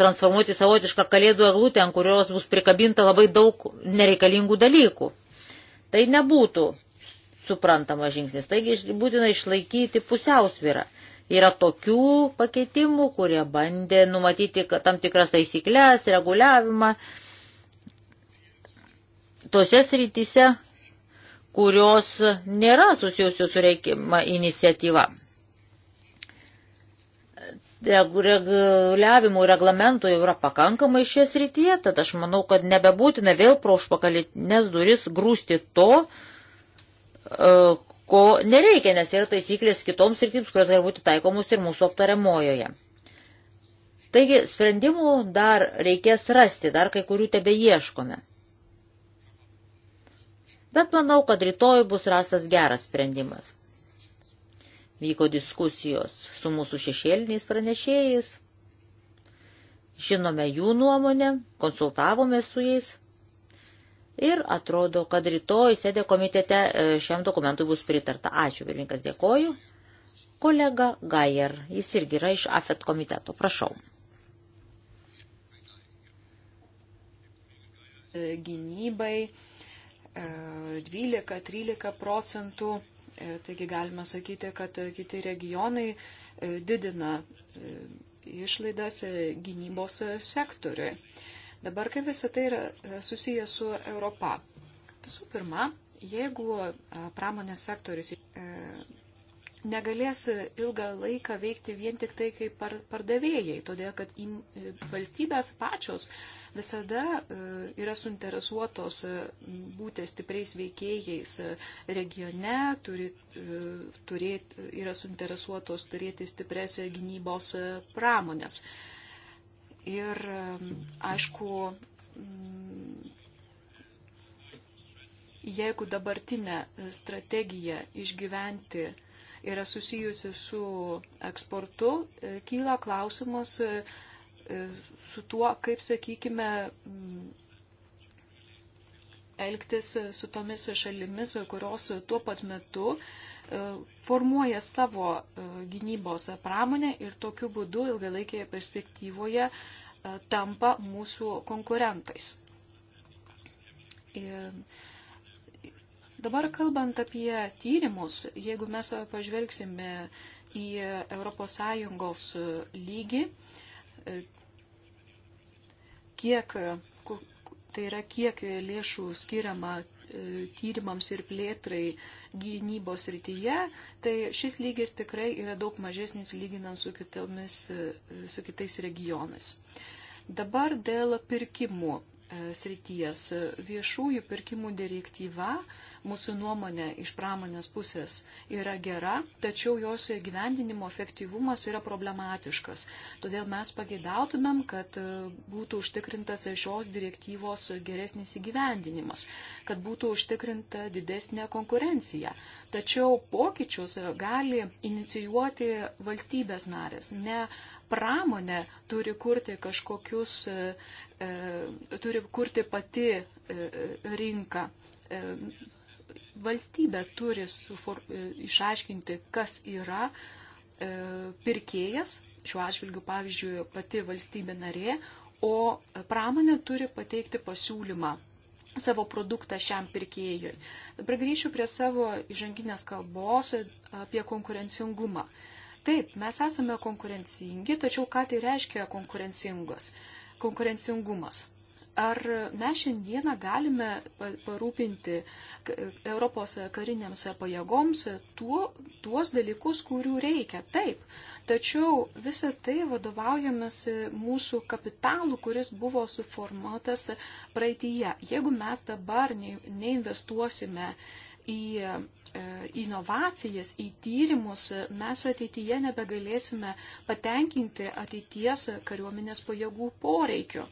transformuoti savotišką kalėdų eglutę, ant kurios bus prikabinta labai daug nereikalingų dalykų. Tai nebūtų suprantama žingsnis. Taigi būtina išlaikyti pusiausvyrą. Yra tokių pakeitimų, kurie bandė numatyti tam tikras taisyklės, reguliavimą tose srityse, kurios nėra susijusios su reikima iniciatyva. Reguliavimų reglamentų jau yra pakankamai šie srityje, tad aš manau, kad nebebūtina vėl pro užpakalinės duris grūsti to, e, ko nereikia, nes yra taisyklės kitoms sritims, kurios gali būti taikomus ir mūsų aptariamojoje. Taigi sprendimų dar reikės rasti, dar kai kurių tebe ieškome. Bet manau, kad rytoj bus rastas geras sprendimas. Vyko diskusijos su mūsų šešėliniais pranešėjais, žinome jų nuomonę, konsultavome su jais Ir atrodo, kad rytoj sėdė komitete e, šiam dokumentui bus pritarta. Ačiū, pirmininkas, dėkoju. Kolega Gajer, jis irgi yra iš AFET komiteto. Prašau. E, gynybai 12-13 e, procentų, taigi galima sakyti, kad kiti regionai didina išlaidas gynybos sektoriui. Dabar kaip visą tai yra e, susiję su Europa. Visų pirma, jeigu e, pramonės sektoris e, negalės ilgą laiką veikti vien tik tai kaip par, pardavėjai, todėl kad im, valstybės pačios visada yra suinteresuotos būti stipriais veikėjais regione, turi, turėti, yra suinteresuotos turėti stiprias gynybos pramonės. Ir aišku, mm, jeigu dabartinė strategija išgyventi yra susijusi su eksportu, e, kyla klausimas e, e, su tuo, kaip, sakykime, mm, elgtis su tomis šalimis, kurios tuo pat metu uh, E, formuoja savo e, gynybos pramonę ir tokiu būdu ilgalaikėje perspektyvoje e, tampa mūsų konkurentais. Ir dabar kalbant apie tyrimus, jeigu mes pažvelgsime į ES lygį, kiek, tai yra kiek lėšų skiriama E, tyrimams ir plėtrai gynybos rytyje, tai šis lygis tikrai yra daug mažesnis lyginant su, kitomis, e, su kitais regionais. Dabar dėl pirkimų. E, srities. Viešųjų pirkimų direktyva, mūsų nuomonė iš pramonės pusės, yra gera, tačiau jos gyvendinimo efektyvumas yra problematiškas. Todėl mes pageidautumėm, kad e, būtų užtikrintas šios direktyvos geresnis įgyvendinimas, kad būtų užtikrinta didesnė konkurencija. Tačiau pokyčius gali inicijuoti valstybės narės, ne pramonė turi kurti kažkokius, e, e turi kurti pati e, e rinką. E, valstybė turi sufor, e, išaiškinti, kas yra pirkėjas, šiuo atžvilgiu, pavyzdžiui, pati valstybė narė, o pramonė turi pateikti pasiūlymą savo produktą šiam pirkėjui. Dabar grįšiu prie savo įžanginės kalbos apie konkurencingumą. E, Taip, mes esame konkurencingi, tačiau ką tai reiškia konkurencingos? Konkurencingumas. Ar mes šiandieną galime parūpinti Europos kariniams pajėgoms tuo, tuos dalykus, kurių reikia? Taip. Tačiau visa tai vadovaujamasi mūsų kapitalu, kuris buvo suformuotas praeitįje. Jeigu mes dabar neinvestuosime į E, inovacijas, į tyrimus, mes ateityje nebegalėsime patenkinti ateities kariuomenės pajėgų poreikių.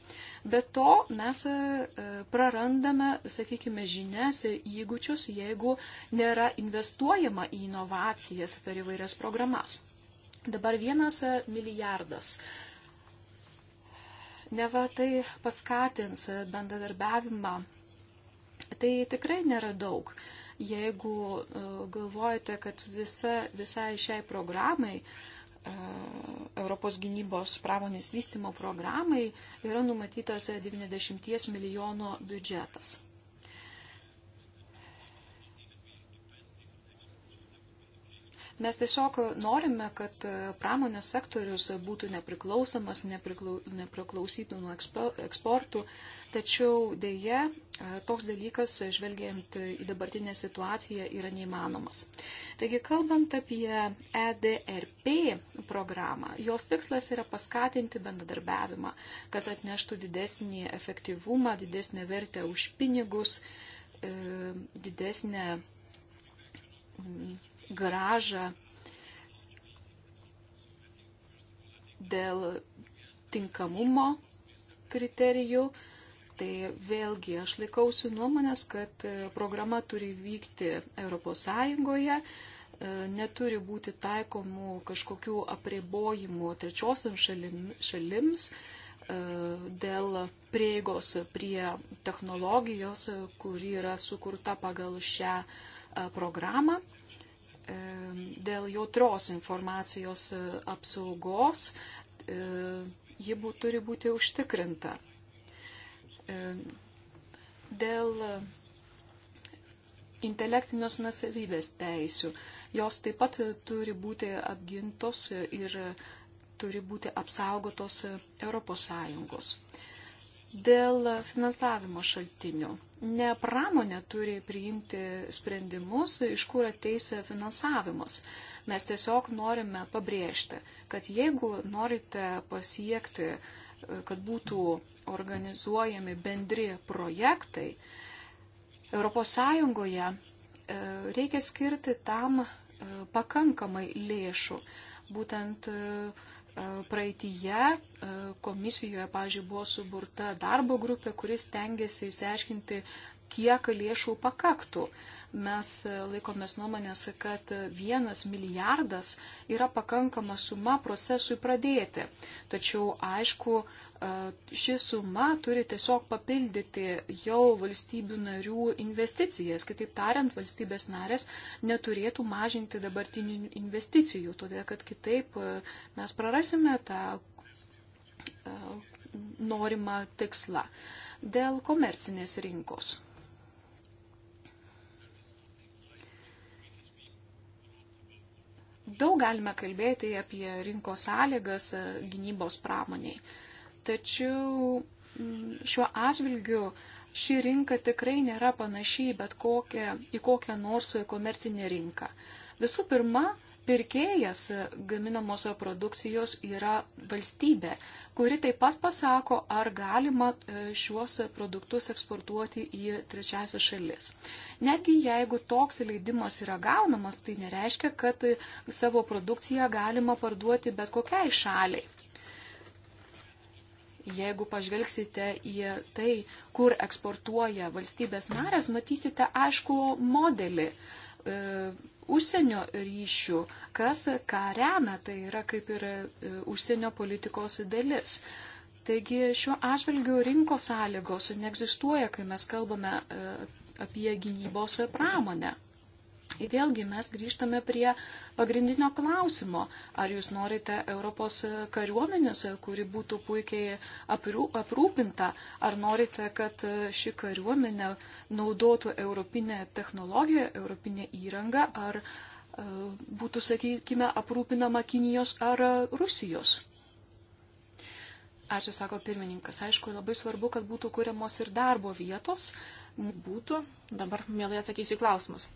Be to mes e, prarandame, sakykime, žinias, įgūdžius, jeigu nėra investuojama į inovacijas per įvairias programas. Dabar vienas e, milijardas neva tai paskatins bendradarbiavimą Tai tikrai nėra daug. Jeigu e, galvojate, kad visa, visai šiai programai, e, Europos gynybos pramonės vystimo programai yra numatytas 90 e, milijono biudžetas. Mes tiesiog norime, kad e, pramonės sektorius būtų nepriklausomas, nepriklau, nepriklausytų nuo eksportų, tačiau dėje e, toks dalykas, žvelgiant į dabartinę situaciją, yra neįmanomas. Taigi, kalbant apie EDRP programą, jos tikslas yra paskatinti bendradarbiavimą, kas atneštų didesnį efektyvumą, didesnę vertę už pinigus, e, didesnę garažą dėl tinkamumo kriterijų, tai vėlgi aš laikausi nuomonės, kad e, programa turi vykti ES, e, neturi būti taikomų kažkokių apribojimų trečiosiam šalim, šalims e, dėl prieigos prie technologijos, kuri yra sukurta pagal šią programą dėl jautros informacijos e, apsaugos e, ji bū, turi būti užtikrinta. Dėl intelektinės nusavybės teisių jos taip pat turi būti apgintos ir turi būti apsaugotos ES dėl finansavimo šaltinių. Ne pramonė turi priimti sprendimus, iš kur ateis finansavimas. Mes tiesiog norime pabrėžti, kad jeigu norite pasiekti, kad būtų organizuojami bendri projektai, ES e, reikia skirti tam e, pakankamai lėšų. Būtent e, E, Praeitįje e, komisijoje, pažiūrėjau, buvo suburta darbo grupė, kuris tengiasi įsiaiškinti, kiek lėšų pakaktų. Mes e, laikomės nuomonės, kad vienas milijardas yra pakankama suma procesui pradėti. Tačiau, aišku, ši suma turi tiesiog papildyti jau valstybių narių investicijas. Kitaip tariant, valstybės narės neturėtų mažinti dabartinių investicijų, todėl kad kitaip mes prarasime tą norimą tikslą. Dėl komercinės rinkos. Daug galime kalbėti apie rinkos sąlygas gynybos pramoniai. Tačiau mm, šiuo atžvilgiu ši rinka tikrai nėra panašiai bet kokia, į kokią nors komercinę rinką. Visų pirma, pirkėjas gaminamos produkcijos yra valstybė, kuri taip pat pasako, ar galima e, šiuos produktus eksportuoti į trečiasias šalis. Netgi jeigu toks leidimas yra gaunamas, tai nereiškia, kad savo produkciją galima parduoti bet kokiai šaliai. Jeigu pažvelgsite į tai, kur eksportuoja valstybės narės, matysite aišku modelį e, užsienio ryšių, kas ką remia, tai yra kaip ir e, užsienio politikos dalis. Taigi šiuo atžvilgiu rinkos sąlygos neegzistuoja, kai mes kalbame e, apie gynybos pramonę. Vėlgi mes grįžtame prie pagrindinio klausimo. Ar jūs norite Europos kariuomenės, kuri būtų puikiai aprūpinta, ar norite, kad ši kariuomenė naudotų europinę technologiją, europinę įrangą, ar e, būtų, sakykime, aprūpinama Kinijos ar Rusijos. Ačiū, sako pirmininkas. Aišku, labai svarbu, kad būtų kuriamos ir darbo vietos. Būtų. Dabar mielai atsakysiu į klausimus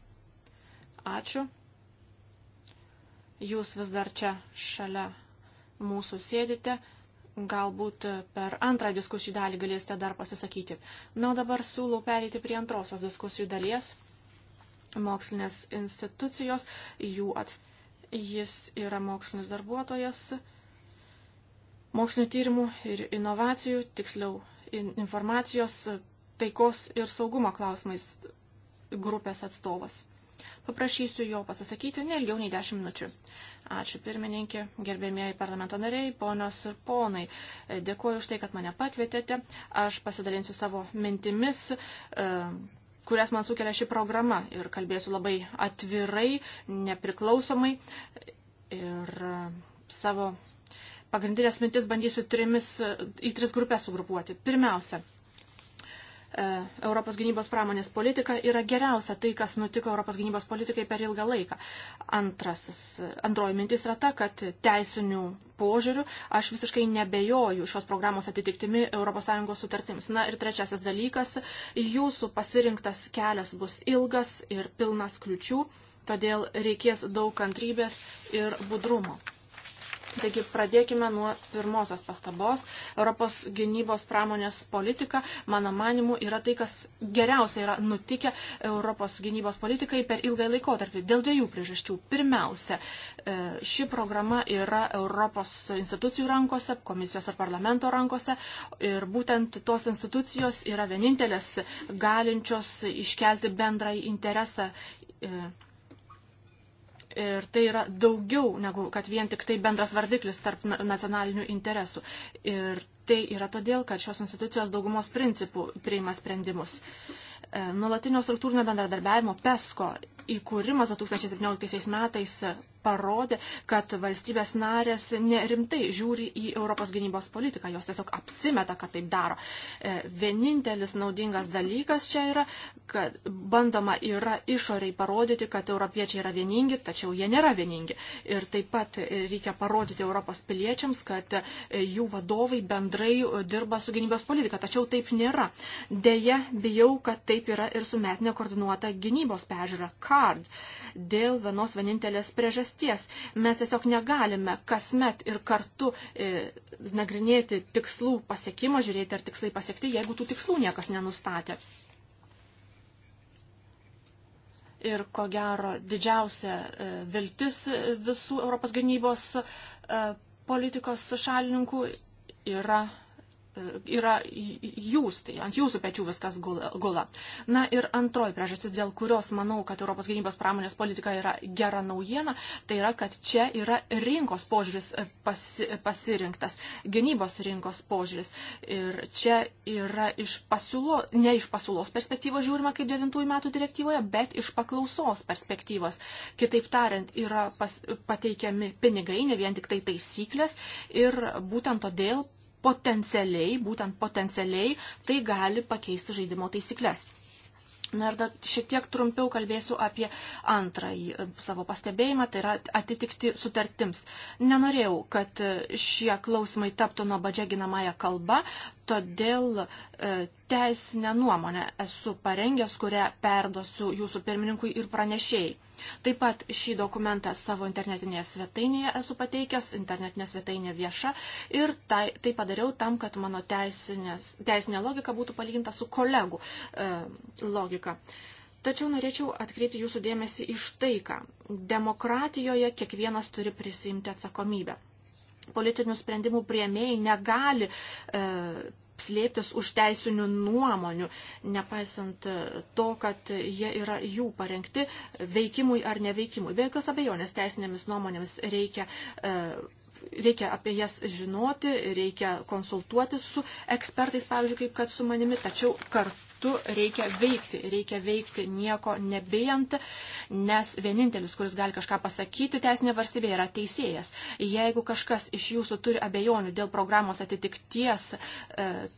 ačiū. Jūs vis dar čia šalia mūsų sėdite. Galbūt per antrą diskusijų dalį galėsite dar pasisakyti. Na, dabar siūlau pereiti prie antrosios diskusijų dalies. Mokslinės institucijos, jų atstovai. Jis yra mokslinis darbuotojas mokslinio tyrimų ir inovacijų, tiksliau informacijos, taikos ir saugumo klausimais grupės atstovas. Paprašysiu jo pasisakyti nelgiau nei 10 minučių. Ačiū pirmininkė, gerbėmieji parlamento nariai, ponios ir ponai. Dėkuoju už tai, kad mane pakvietėte. Aš pasidalinsiu savo mintimis. E, kurias man sukelia ši programa ir kalbėsiu labai atvirai, nepriklausomai ir e, savo pagrindinės mintis bandysiu trimis, į tris grupės sugrupuoti. Pirmiausia, E, Europos gynybos pramonės politika yra geriausia tai, kas nutiko Europos gynybos politikai per ilgą laiką. Antrasis, antroji mintis yra ta, kad teisinių požiūrių aš visiškai nebejoju šios programos atitiktimi ES sutartims. Na ir trečiasis dalykas, jūsų pasirinktas kelias bus ilgas ir pilnas kliučių, todėl reikės daug kantrybės ir budrumo. Taigi pradėkime nuo pirmosios pastabos. Europos gynybos pramonės politika, mano manimu, yra tai, kas geriausia yra nutikę Europos gynybos politikai per ilgą laikotarpį. Dėl dviejų priežasčių. Pirmiausia, e, ši programa yra Europos institucijų rankose, komisijos ir parlamento rankose. Ir būtent tos institucijos yra vienintelės galinčios iškelti bendrąjį interesą e, Ir tai yra daugiau negu kad vien tik tai bendras vardiklis tarp nacionalinių interesų. Ir tai yra todėl, kad šios institucijos daugumos principų priima sprendimus. E, Nulatinio struktūrinio bendradarbiavimo PESCO įkūrimas 2017 metais parodė, kad valstybės narės nerimtai žiūri į Europos gynybos politiką, jos tiesiog apsimeta, kad taip daro. E, vienintelis naudingas dalykas čia yra, kad bandoma yra išoriai parodyti, kad europiečiai yra vieningi, tačiau jie nėra vieningi. Ir taip pat reikia parodyti Europos piliečiams, kad jų vadovai bendrai dirba su gynybos politika, tačiau taip nėra. Deja, bijau, kad taip yra ir su metinė koordinuota gynybos peržiūra, CARD, dėl vienos vienintelės priežasties priežasties. Mes tiesiog negalime kasmet ir kartu e, nagrinėti tikslų pasiekimo, žiūrėti, ar tikslai pasiekti, jeigu tų tikslų niekas nenustatė. Ir ko gero didžiausia e, viltis visų Europos gynybos e, politikos šalininkų yra yra jūs, tai ant jūsų pečių viskas gula. Na ir antroji priežastis, dėl kurios manau, kad Europos gynybos pramonės politika yra gera naujiena, tai yra, kad čia yra rinkos požiūris pasi, pasirinktas, gynybos rinkos požiūris. Ir čia yra iš pasiūlo, ne iš pasiūlos perspektyvos žiūrima kaip 9 metų direktyvoje, bet iš paklausos perspektyvos. Kitaip tariant, yra pas, pateikiami pinigai, ne vien tik tai taisyklės ir būtent todėl potencialiai, būtent potencialiai, tai gali pakeisti žaidimo taisyklės. Na ir dar šiek tiek trumpiau kalbėsiu apie antrąjį e, savo pastebėjimą, tai yra atitikti sutartims. Nenorėjau, kad e, šie klausimai taptų nuobadžia ginamąją kalbą, Todėl e, teisinę nuomonę esu parengęs, kurią perduosiu jūsų pirmininkui ir pranešėjai. Taip pat šį dokumentą savo internetinėje svetainėje esu pateikęs, internetinė svetainė vieša ir tai, tai padariau tam, kad mano teisinė logika būtų palyginta su kolegų e, logika. Tačiau norėčiau atkreipti jūsų dėmesį iš tai, ką demokratijoje kiekvienas turi prisimti atsakomybę politinių sprendimų prieimėjai negali e, slėptis už teisinių nuomonių, nepaisant e, to, kad jie yra jų parengti veikimui ar neveikimui. Be jokios abejonės teisinėmis nuomonėmis reikia. E, Reikia apie jas žinoti, reikia konsultuotis su ekspertais, pavyzdžiui, kaip kad su manimi, tačiau kartu metu reikia veikti, reikia veikti nieko nebijant, nes vienintelis, kuris gali kažką pasakyti teisinė valstybė, yra teisėjas. Jeigu kažkas iš jūsų turi abejonių dėl programos atitikties, e,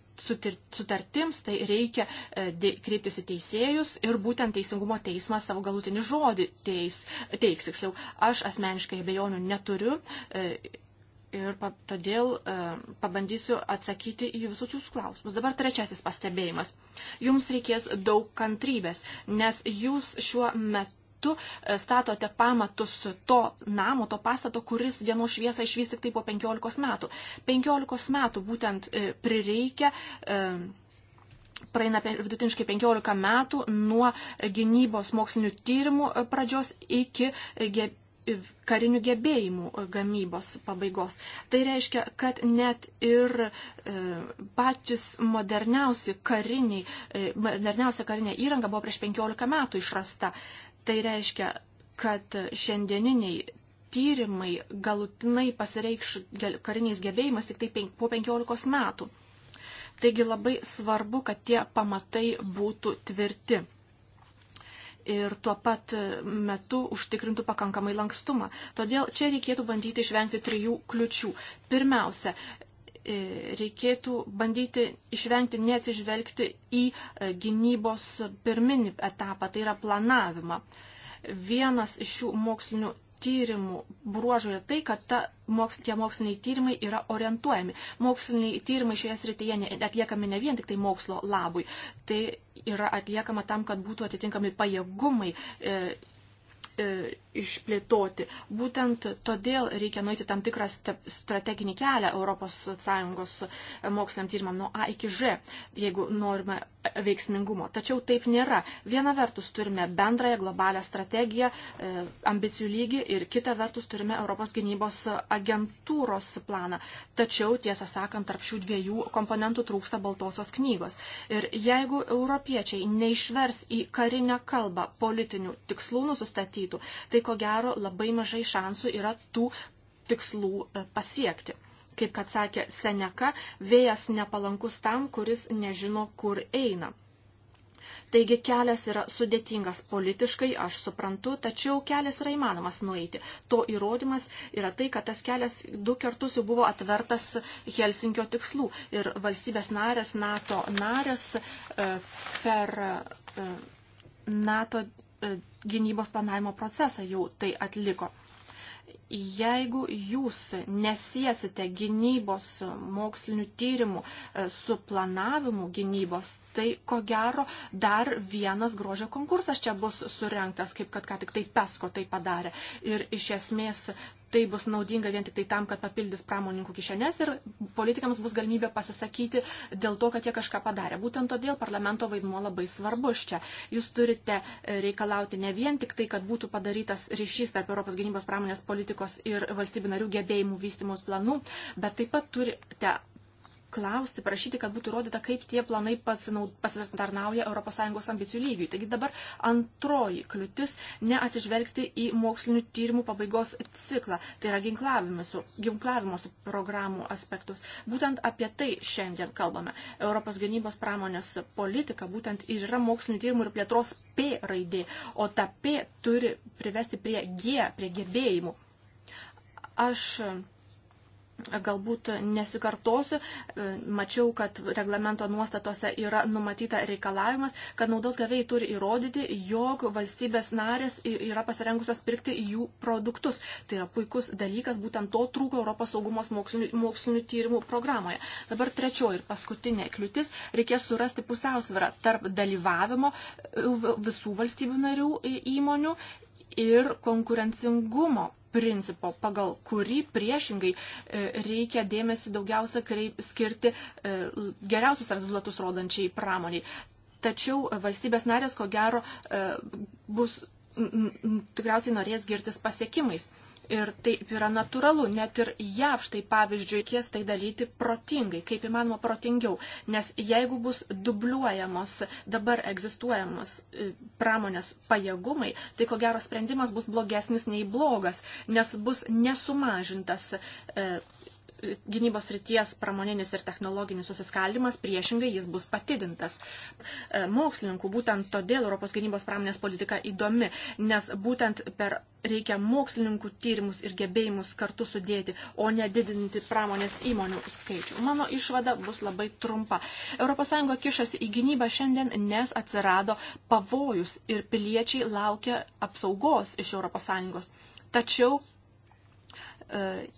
sutartims, tai reikia e, kreiptis į teisėjus ir būtent Teisingumo teismas savo galutinį žodį teis, teiks. Tiksliau, aš asmeniškai abejonių neturiu. E, ir pa, todėl e, pabandysiu atsakyti į visus jūsų klausimus. Dabar trečiasis pastebėjimas. Jums reikės daug kantrybės, nes jūs šiuo metu e, statote pamatus to namo, to pastato, kuris dienų šviesą išvys tik tai po 15 metų. 15 metų būtent e, prireikia. E, praeina vidutiniškai 15 metų nuo gynybos mokslinių tyrimų e, pradžios iki e, karinių gebėjimų e, gamybos pabaigos. Tai reiškia, kad net ir e, patys moderniausi kariniai, e, moderniausia karinė įranga buvo prieš 15 metų išrasta. Tai reiškia, kad šiandieniniai tyrimai galutinai pasireikš kariniais gebėjimas tik tai po 15 metų. Taigi labai svarbu, kad tie pamatai būtų tvirti ir tuo pat metu užtikrintų pakankamai lankstumą. Todėl čia reikėtų bandyti išvengti trijų kliučių. Pirmiausia, e, reikėtų bandyti išvengti neatsižvelgti į e, gynybos pirminį etapą, tai yra planavimą. Vienas iš šių mokslinių tyrimų bruožų yra tai, kad ta, moks, tie moksliniai tyrimai yra orientuojami. Moksliniai tyrimai šioje srityje ne, atliekami ne vien tik tai mokslo labui. Tai yra atliekama tam, kad būtų atitinkami pajėgumai. E, e, išplėtoti. Būtent todėl reikia nueiti tam tikrą strateginį kelią ES moksliniam tyrimam nuo A iki Ž, jeigu norime veiksmingumo. Tačiau taip nėra. Viena vertus turime bendrąją globalią strategiją, e, ambicijų lygį ir kita vertus turime Europos gynybos agentūros planą. Tačiau, tiesą sakant, tarp šių dviejų komponentų trūksta baltosios knygos. Ir jeigu europiečiai neišvers į karinę kalbą politinių tikslų nusistatytų, tai ko gero labai mažai šansų yra tų tikslų e, pasiekti. Kaip kad sakė Seneka, vėjas nepalankus tam, kuris nežino, kur eina. Taigi kelias yra sudėtingas politiškai, aš suprantu, tačiau kelias yra įmanomas nueiti. To įrodymas yra tai, kad tas kelias du kartus jau buvo atvertas Helsinkio tikslų ir valstybės narės, NATO narės e, per e, NATO E, gynybos planavimo procesą jau tai atliko. Jeigu jūs nesiesite gynybos mokslinių tyrimų e, su planavimu gynybos, tai ko gero dar vienas grožio konkursas čia bus surinktas, kaip kad ką tik tai PESCO tai padarė. Ir iš esmės tai bus naudinga vien tik tai tam, kad papildys pramoninkų kišenės ir politikams bus galimybė pasisakyti dėl to, kad jie kažką padarė. Būtent todėl parlamento vaidmuo labai svarbus čia. Jūs turite e, reikalauti ne vien tik tai, kad būtų padarytas ryšys tarp Europos gynybos pramonės politikos ir valstybių narių gebėjimų vystimos planų, bet taip pat turite klausti, prašyti, kad būtų įrodyta, kaip tie planai pasitarnauja ES ambicijų lygiui. Taigi dabar antroji kliūtis - neatsižvelgti į mokslinių tyrimų pabaigos ciklą, tai yra ginklavimosi programų aspektus. Būtent apie tai šiandien kalbame. Europos gynybos pramonės politika būtent ir yra mokslinių tyrimų ir plėtros P raidė, o ta P turi privesti prie G, prie gebėjimų. Aš galbūt nesikartosiu, e, mačiau, kad reglamento nuostatose yra numatyta reikalavimas, kad naudos gavėjai turi įrodyti, jog valstybės narės yra pasirengusios pirkti jų produktus. Tai yra puikus dalykas, būtent to trūko Europos saugumos mokslinių, mokslinių tyrimų programoje. Dabar trečioji ir paskutinė kliūtis - reikės surasti pusiausvyrą tarp dalyvavimo e, visų valstybių narių e, įmonių ir konkurencingumo principo, pagal kurį priešingai e, reikia dėmesį daugiausia kreip, skirti e, geriausius rezultatus rodančiai pramoniai. Tačiau valstybės narės, ko gero, e, bus tikriausiai norės girtis pasiekimais. Ir taip yra natūralu, net ir jav štai pavyzdžiui, kies tai dalyti protingai, kaip įmanoma protingiau, nes jeigu bus dubliuojamos dabar egzistuojamos e, pramonės pajėgumai, tai ko gero sprendimas bus blogesnis nei blogas, nes bus nesumažintas e, gynybos ryties pramoninis ir technologinis susiskaldimas, priešingai jis bus patidintas. E, mokslininkų būtent todėl Europos gynybos pramonės politika įdomi, nes būtent per reikia mokslininkų tyrimus ir gebėjimus kartu sudėti, o ne didinti pramonės įmonių skaičių. Mano išvada bus labai trumpa. ES kišasi į gynybą šiandien, nes atsirado pavojus ir piliečiai laukia apsaugos iš ES. Tačiau e,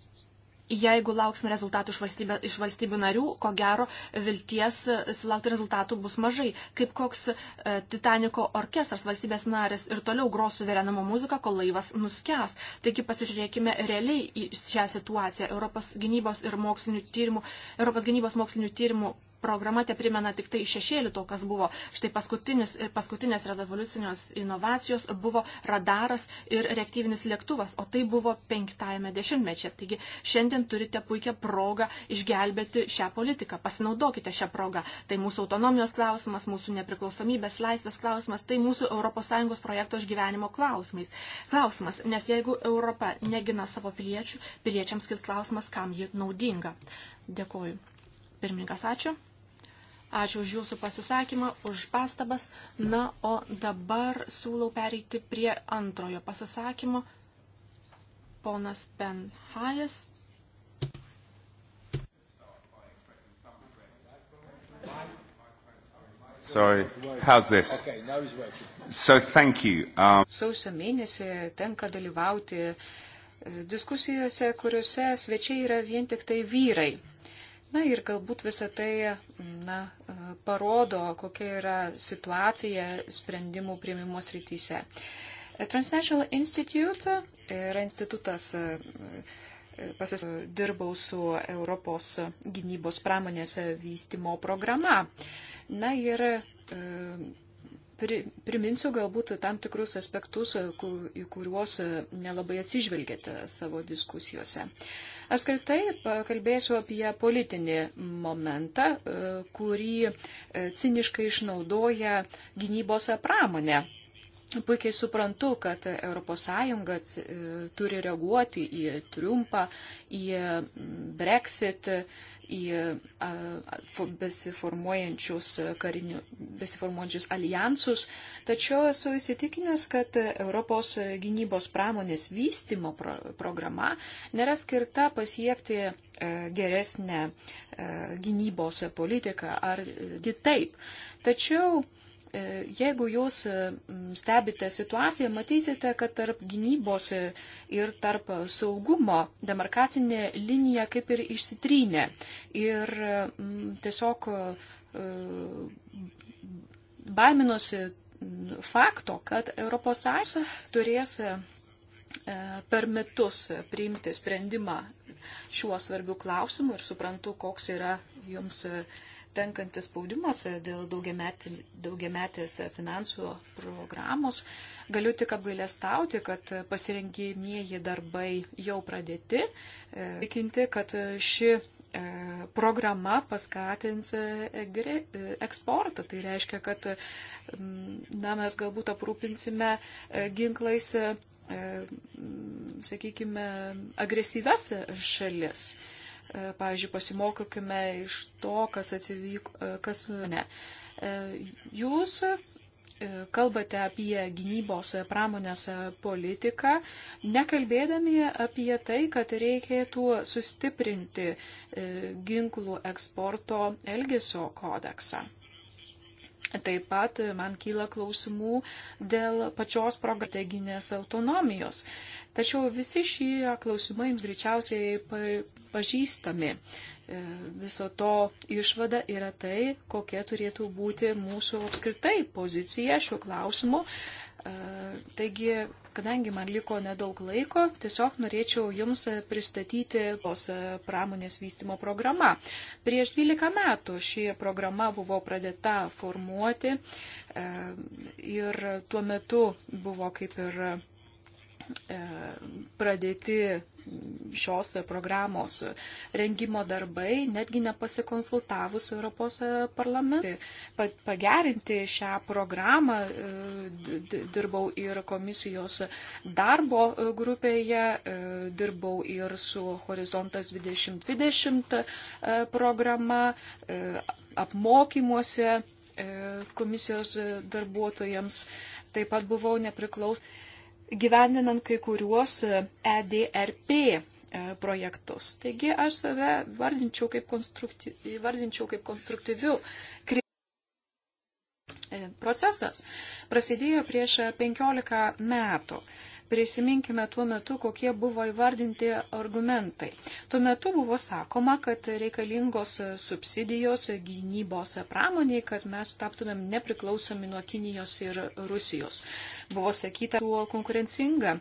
jeigu lauksime rezultatų iš, valstybė, iš valstybių narių, ko gero vilties e, sulaukti rezultatų bus mažai. Kaip koks e, Titaniko orkestras valstybės narės ir toliau gros suverenamo muziką, kol laivas nuskęs. Taigi pasižiūrėkime realiai į šią situaciją. Europos gynybos ir mokslinių tyrimų, Europos gynybos mokslinių tyrimų programa te primena tik tai šešėlį to, kas buvo. Štai paskutinės revoliucinės inovacijos buvo radaras ir reaktyvinis lėktuvas, o tai buvo penktajame dešimtmečia. Taigi šiandien turite puikią progą išgelbėti šią politiką. Pasinaudokite šią progą. Tai mūsų autonomijos klausimas, mūsų nepriklausomybės, laisvės klausimas, tai mūsų ES projekto išgyvenimo klausimais. Klausimas, nes jeigu Europa negina savo piliečių, piliečiams kils klausimas, kam ji naudinga. Dėkoju. Pirmininkas, ačiū. Ačiū už Jūsų pasisakymą, už pastabas. Na, o dabar siūlau pereiti prie antrojo pasisakymo. Ponas Penhajas. Sorry, how's this? So thank you. Um... Sausio mėnesį tenka dalyvauti e, diskusijose, kuriuose svečiai yra vien tik tai vyrai. Uh, Na ir galbūt visą tai na, parodo, kokia yra situacija sprendimų prieimimo srityse. Transnational Institute yra institutas, pasis, dirbau su Europos gynybos pramonės vystimo programa. Na ir pri, priminsiu galbūt tam tikrus aspektus, į kuriuos nelabai atsižvelgėte savo diskusijose. Apskritai pakalbėsiu apie politinį momentą, e, kurį e, ciniškai išnaudoja gynybos pramonė. Puikiai suprantu, kad ES e, turi reaguoti į Trumpą, į Brexit, į besiformuojančius karinių, besiformuojančius alijansus, tačiau esu įsitikinęs, kad Europos gynybos pramonės vystimo pro, programa nėra skirta pasiekti e, geresnę e, gynybos politiką ar kitaip. Tačiau E, jeigu jūs e, stebite situaciją, matysite, kad tarp gynybos e, ir tarp saugumo demarkacinė linija kaip ir išsitrynė. Ir tiesiog baiminosi fakto, kad ES turės per metus priimti sprendimą šiuo svarbiu klausimu ir suprantu, koks yra jums tenkantis spaudimas dėl daugiametės finansų programos. Galiu tik apgailestauti, kad pasirinkimieji darbai jau pradėti. E, tikinti, kad ši e, programa paskatins e, eksportą. Tai reiškia, kad na, mes galbūt aprūpinsime ginklais, sakykime, agresyves šalis. E, pavyzdžiui, pasimokykime iš to, kas atsivyko, e, kas ne. E, jūs kalbate apie gynybos pramonės politiką, nekalbėdami apie tai, kad reikėtų sustiprinti ginklų eksporto elgesio kodeksą. Taip pat man kyla klausimų dėl pačios programinės autonomijos. Tačiau visi šie klausimai jums greičiausiai pažįstami. E, viso to išvada yra tai, kokia turėtų būti mūsų apskritai pozicija šiuo klausimu. E, taigi Kadangi man liko nedaug laiko, tiesiog norėčiau Jums pristatyti tos pramonės vystimo programą. Prieš 12 metų ši programa buvo pradėta formuoti e, ir tuo metu buvo kaip ir E, pradėti šios programos rengimo darbai, netgi nepasikonsultavus su Europos parlamentai. Pagerinti šią programą e, dirbau ir komisijos darbo grupėje, e, dirbau ir su Horizontas 2020 programa, apmokymuose komisijos darbuotojams, taip pat buvau nepriklausomas gyvendinant kai kuriuos EDRP e e, projektus. Taigi aš save vardinčiau kaip, konstrukty, vardinčiau kaip konstruktyviu. E, procesas prasidėjo prieš 15 metų. Prisiminkime tuo metu, kokie buvo įvardinti argumentai. Tuo metu buvo sakoma, kad reikalingos subsidijos gynybos pramoniai, kad mes taptumėm nepriklausomi nuo Kinijos ir Rusijos. Buvo sakyta, buvo konkurencinga.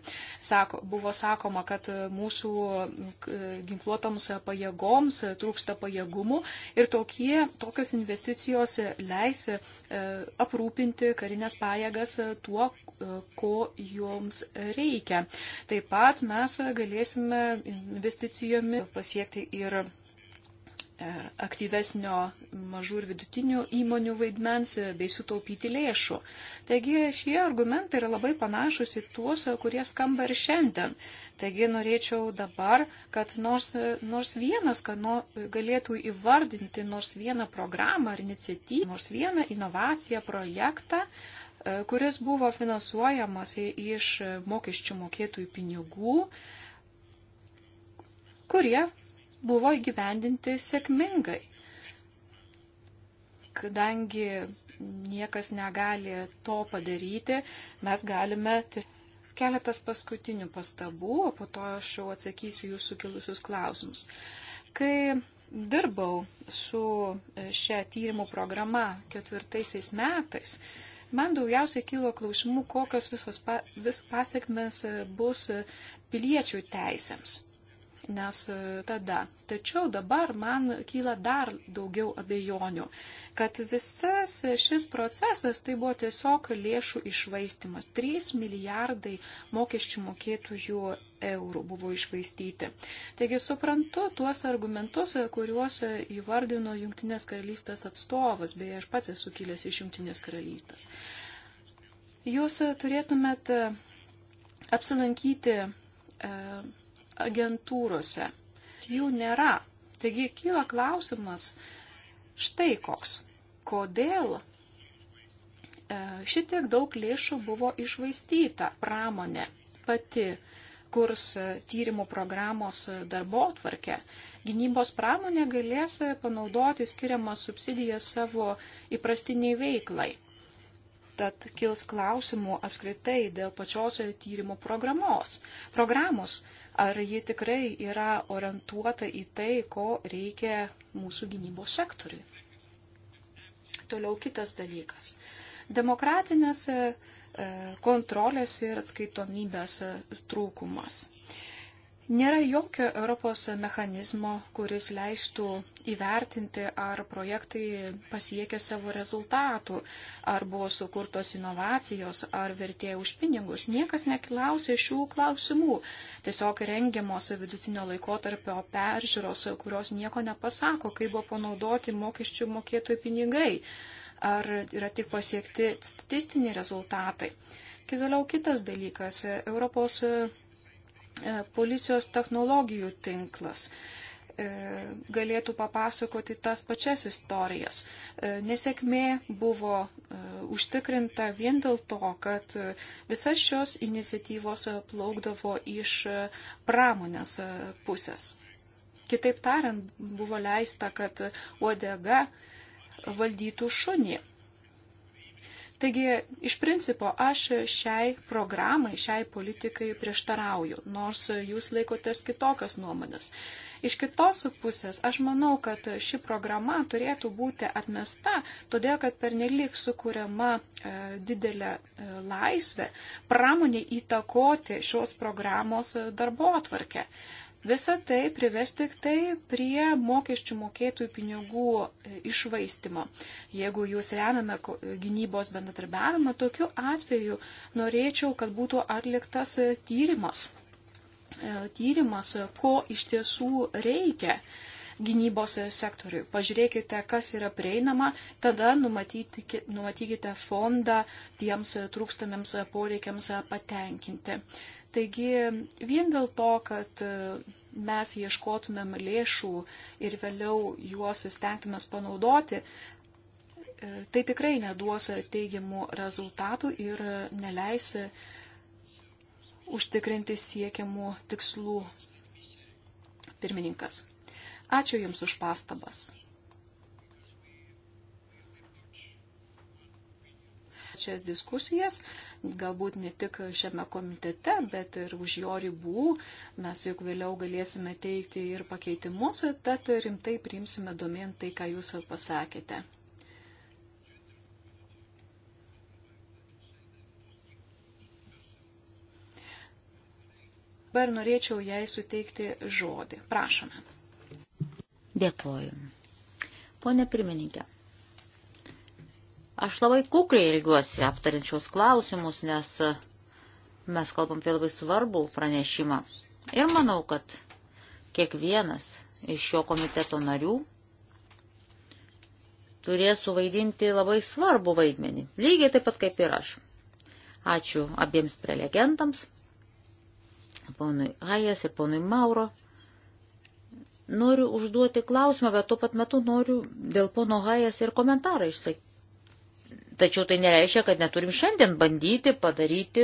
Sako, buvo sakoma, kad mūsų ginkluotoms pajėgoms trūksta pajėgumų ir tokie, tokios investicijos leis e, aprūpinti karinės pajėgas tuo, e, ko joms reikia reikia. Taip pat mes galėsime investicijomis pasiekti ir e, aktyvesnio mažų ir vidutinių įmonių vaidmens bei sutaupyti lėšų. Taigi šie argumentai yra labai panašus į tuos, kurie skamba ir šiandien. Taigi norėčiau dabar, kad nors, nors vienas kano, galėtų įvardinti nors vieną programą ar iniciatyvą, nors vieną inovaciją, projektą E, kuris buvo finansuojamas iš mokesčių mokėtųjų pinigų, kurie buvo įgyvendinti sėkmingai, kadangi niekas negali to padaryti, mes galime keletas paskutinių pastabų, o po to aš jau atsakysiu jūsų kilusius klausimus. Kai dirbau su e, šia tyrimų programa ketvirtaisiais metais, Man daugiausiai kilo klausimų, kokios visos pa, vis pasiekmes e, bus e, piliečių teisėms nes e, tada. Tačiau dabar man kyla dar daugiau abejonių, kad visas šis procesas tai buvo tiesiog lėšų išvaistimas. 3 milijardai mokesčių mokėtųjų eurų buvo išvaistyti. Taigi suprantu tuos argumentus, kuriuos įvardino Junktinės karalystės atstovas, beje, aš pats esu kilęs iš Junktinės karalystės. Jūs turėtumėt e, apsilankyti e, agentūrose. Jų nėra. Taigi kyla klausimas štai koks. Kodėl e, šitiek daug lėšų buvo išvaistyta pramonė pati kurs e, tyrimų programos e, darbo atvarkę. Gynybos pramonė galės panaudoti skiriamas subsidijas savo įprastiniai veiklai. Tad kils klausimų apskritai dėl pačios tyrimų programos. Programos ar ji tikrai yra orientuota į tai, ko reikia mūsų gynybos sektoriui. Toliau kitas dalykas. Demokratinės e, kontrolės ir atskaitomybės e, trūkumas. Nėra jokio Europos mechanizmo, kuris leistų įvertinti, ar projektai pasiekė savo rezultatų, ar buvo sukurtos inovacijos, ar vertė už pinigus. Niekas neklausė šių klausimų. Tiesiog rengiamos vidutinio laikotarpio peržiūros, kurios nieko nepasako, kaip buvo panaudoti mokesčių mokėtojų pinigai, ar yra tik pasiekti statistiniai rezultatai. Kitoliau kitas dalykas. Europos E, policijos technologijų tinklas e, galėtų papasakoti tas pačias istorijas. E, nesėkmė buvo užtikrinta vien dėl to, kad visas šios iniciatyvos plaukdavo iš pramonės pusės. Kitaip tariant, buvo leista, kad uodega valdytų šunį. Taigi, iš principo, aš šiai programai, šiai politikai prieštarauju, nors jūs laikotės kitokios nuomonės. Iš kitos pusės, aš manau, kad ši programa turėtų būti atmesta, todėl kad pernelyg sukūriama e, didelė e, laisvė pramonė įtakoti šios programos e, darbo atvarkę. Visa tai prives tik tai prie mokesčių mokėtųjų pinigų e, išvaistimo. Jeigu jūs remiame gynybos bendradarbiavimą, tokiu atveju norėčiau, kad būtų atliktas e, tyrimas. E, tyrimas, ko iš tiesų reikia gynybos sektoriui. Pažiūrėkite, kas yra prieinama, tada numatyti, numatykite fondą tiems trūkstamiems poreikiams patenkinti. Taigi vien dėl to, kad e, mes ieškotumėm lėšų ir vėliau juos stengtumės panaudoti, e, tai tikrai neduos teigiamų rezultatų ir neleis užtikrinti siekiamų tikslų. Pirmininkas. Ačiū Jums už pastabas. Šias diskusijas galbūt ne tik šiame komitete, bet ir už jo ribų. Mes juk vėliau galėsime teikti ir pakeitimus, tad rimtai priimsime domen tai, ką jūs pasakėte. Dabar norėčiau jai suteikti žodį. Prašome. Dėkoju. Pone pirmininkė, Aš labai kukliai ilgiuosi aptarinčiaus klausimus, nes mes kalbam apie labai svarbų pranešimą. Ir manau, kad kiekvienas iš šio komiteto narių turės suvaidinti labai svarbų vaidmenį, lygiai taip pat kaip ir aš. Ačiū abiems prelegentams, ponui Ajas ir ponui Mauro. Noriu užduoti klausimą, bet tuo pat metu noriu dėl pono Hajas ir komentarą išsakyti. Tačiau tai nereiškia, kad neturim šiandien bandyti padaryti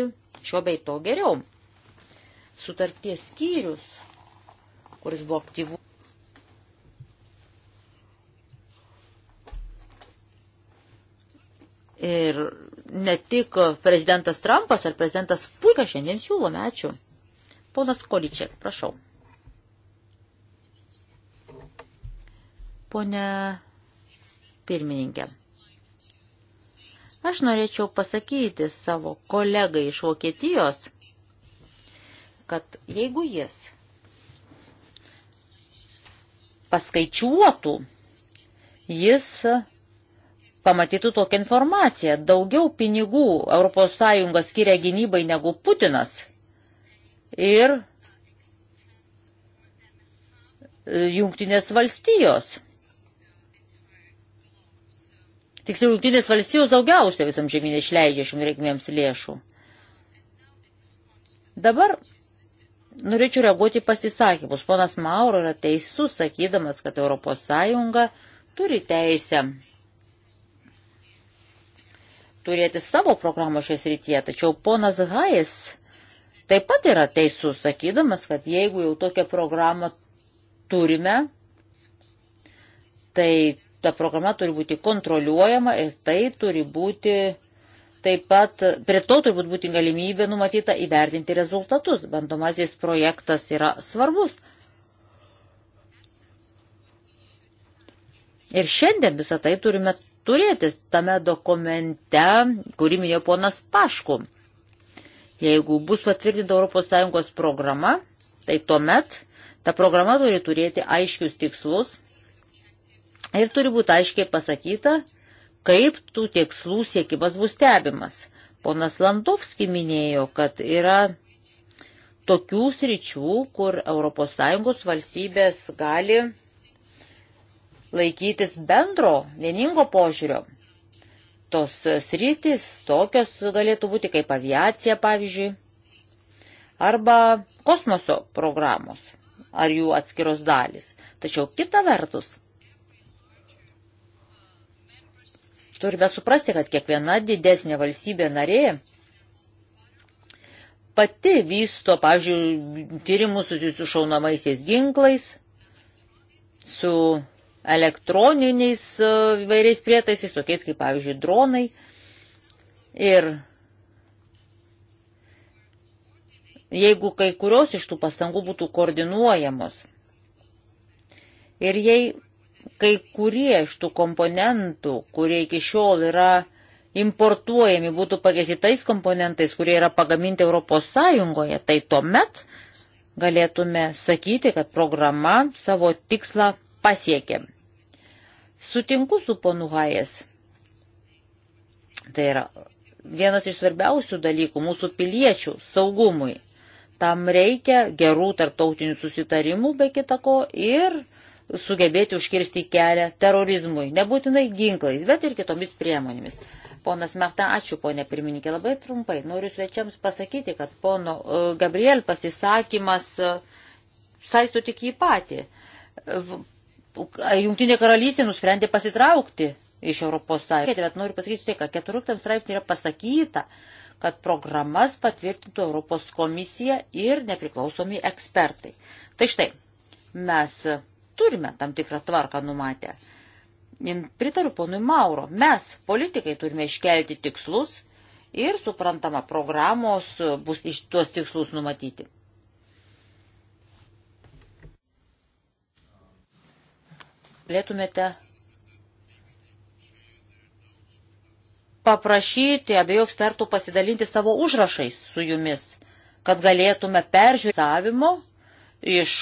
šio bei to geriau. Sutarties skyrius, kuris buvo aktyvus. Ir ne tik prezidentas Trumpas ar prezidentas Puika šiandien siūlome, ačiū. Ponas Količiak, prašau. Pone pirmininkė. Aš norėčiau pasakyti savo kolegai iš Vokietijos, kad jeigu jis paskaičiuotų, jis pamatytų tokią informaciją. Daugiau pinigų ES skiria gynybai negu Putinas. Ir e, jungtinės valstijos. Tiksliau, jungtinės valstijos daugiausia visam žemynė išleidžia šiom reikmėms lėšų. Dabar norėčiau reaguoti pasisakymus. Ponas Mauro yra teisus, sakydamas, kad ES turi teisę turėti savo programą šios rytyje. Tačiau ponas Hajas taip pat yra teisus, sakydamas, kad jeigu jau tokią programą turime, tai ta programa turi būti kontroliuojama ir tai turi būti taip pat, prie to turbūt būti galimybė numatyta įvertinti rezultatus. Bandomasis projektas yra svarbus. Ir šiandien visą tai turime turėti tame dokumente, kurį minėjo ponas Pašku. Jeigu bus patvirtinta ES programa, tai tuomet ta programa turi turėti aiškius tikslus Ir turi būti aiškiai pasakyta, kaip tų tikslų siekimas bus stebimas. Ponas Landovski minėjo, kad yra tokių sričių, kur ES valstybės gali laikytis bendro, vieningo požiūrio. Tos sritis tokios galėtų būti kaip aviacija, pavyzdžiui, arba kosmoso programos ar jų atskiros dalis. Tačiau kita vertus, Turime suprasti, kad kiekviena didesnė valstybė narė pati vysto, pavyzdžiui, tyrimus susijusių šaunamaisiais ginklais, su elektroniniais e, vairiais prietaisais, tokiais kaip, pavyzdžiui, dronai. Ir jeigu kai kurios iš tų pastangų būtų koordinuojamos ir jei kai kurie iš tų komponentų, kurie iki šiol yra importuojami, būtų pakeisti tais komponentais, kurie yra pagaminti Europos Sąjungoje, tai tuomet galėtume sakyti, kad programa savo tikslą pasiekė. Sutinku su ponu Hajas. Tai yra vienas iš svarbiausių dalykų mūsų piliečių saugumui. Tam reikia gerų tarptautinių susitarimų, be kitako, ir uh, sugebėti užkirsti kelią terorizmui, nebūtinai ginklais, bet ir kitomis priemonėmis. Ponas Merta, ačiū, ponė pirmininkė, labai trumpai. Noriu svečiams pasakyti, kad pono e, Gabriel pasisakymas e, saisto tik jį patį. Jungtinė karalystė nusprendė pasitraukti iš Europos Sąjungos. Bet noriu pasakyti štai, kad 14 straipsnė yra pasakyta, kad programas patvirtintų Europos komisija ir nepriklausomi ekspertai. Tai štai, mes turime tam tikrą tvarką numatę. Pritariu ponui Mauro, mes, politikai, turime iškelti tikslus ir, suprantama, programos bus iš tuos tikslus numatyti. Galėtumėte paprašyti abiejų ekspertų pasidalinti savo užrašais su jumis, kad galėtume peržiūrėti savimo iš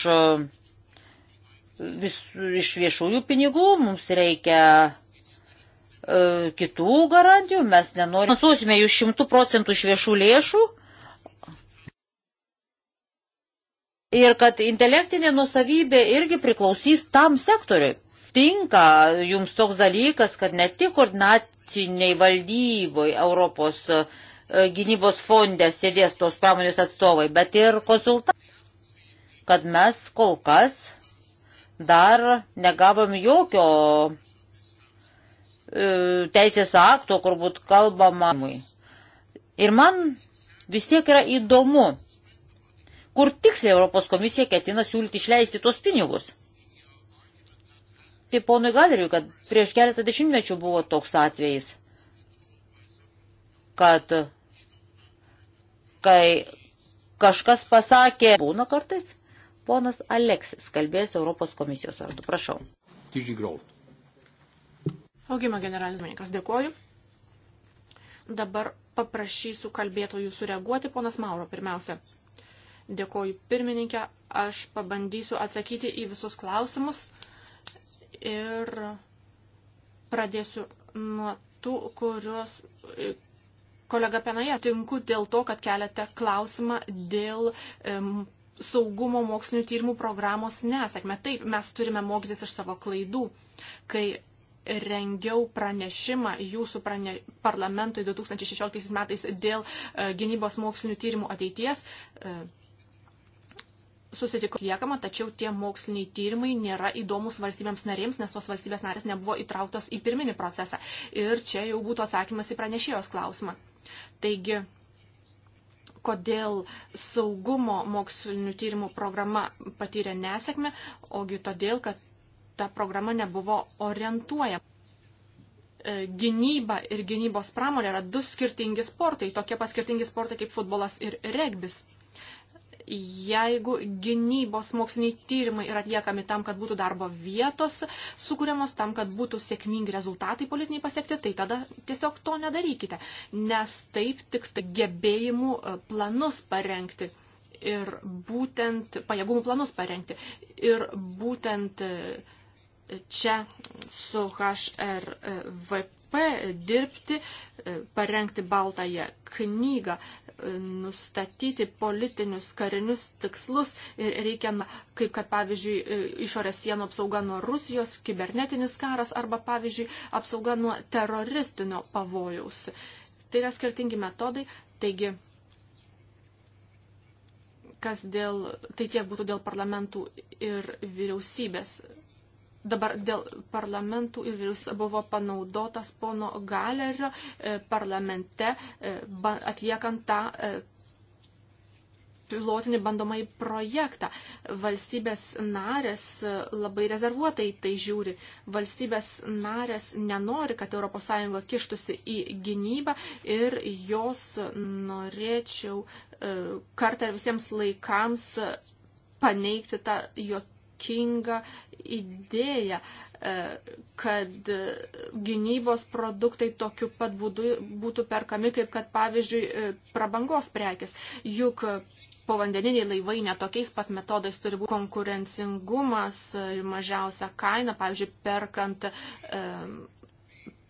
vis, iš viešųjų pinigų, mums reikia e, kitų garantijų, mes nenorime. Finansuosime jūs šimtų procentų iš viešų lėšų. Ir kad intelektinė nusavybė irgi priklausys tam sektoriui. Tinka jums toks dalykas, kad ne tik ordinatiniai valdyboj Europos e, gynybos fonde sėdės tos pramonės atstovai, bet ir konsultantai. Kad mes kol kas dar negavom jokio e, teisės akto, kur būtų kalbama. Ir man vis tiek yra įdomu, kur tiksliai Europos komisija ketina siūlyti išleisti tuos pinigus. Tai ponui Galeriui, kad prieš keletą dešimtmečių buvo toks atvejis, kad kai kažkas pasakė, būna kartais, Ponas Aleksis kalbės Europos komisijos vardu. Prašau. Augimo generalinis manikas, dėkoju. Dabar paprašysiu kalbėtojų sureaguoti. Ponas Mauro, pirmiausia. Dėkoju pirmininkė, aš pabandysiu atsakyti į visus klausimus ir pradėsiu nuo tų, kurios e, kolega Penaja tinku dėl to, kad keliate klausimą dėl um, saugumo mokslinių tyrimų programos nesėkmę. Taip, mes turime mokytis iš savo klaidų. Kai rengiau pranešimą jūsų prane... parlamentui 2016 metais dėl e, gynybos mokslinių tyrimų ateities, e, susitiko atliekama, tačiau tie moksliniai tyrimai nėra įdomus valstybėms narėms, nes tos valstybės narės nebuvo įtrauktos į pirminį procesą. Ir čia jau būtų atsakymas į pranešėjos klausimą. Taigi, kodėl saugumo mokslinių tyrimų programa patyrė nesėkmę, ogi todėl, kad ta programa nebuvo orientuoja. E, gynyba ir gynybos pramonė yra du skirtingi sportai, tokie paskirtingi sportai kaip futbolas ir regbis. Jeigu gynybos moksliniai tyrimai yra atliekami tam, kad būtų darbo vietos sukūriamos, tam, kad būtų sėkmingi rezultatai politiniai pasiekti, tai tada tiesiog to nedarykite, nes taip tik gebėjimų e, planus parengti ir būtent pajėgumų planus parengti. Ir būtent e, čia su HRVP dirbti, e, parengti baltąją knygą, nustatyti politinius karinius tikslus ir reikia, kaip kad pavyzdžiui, e, išorės sienų apsauga nuo Rusijos, kibernetinis karas arba, pavyzdžiui, apsauga nuo teroristinio pavojaus. Tai yra skirtingi metodai, taigi, kas dėl, tai tiek būtų dėl parlamentų ir vyriausybės Dabar dėl parlamentų ir vyriausybės buvo panaudotas pono Galerio e, parlamente e, atliekant tą e, pilotinį bandomąjį projektą. Valstybės narės labai rezervuotai tai žiūri. Valstybės narės nenori, kad ES kištusi į gynybą ir jos norėčiau kartą ir visiems laikams paneigti tą jo juokingą idėją, e, kad gynybos produktai tokiu pat būdu būtų perkami, kaip kad, pavyzdžiui, e, prabangos prekis. Juk povandeniniai laivai netokiais pat metodais turi būti konkurencingumas ir mažiausia kaina, pavyzdžiui, perkant, e,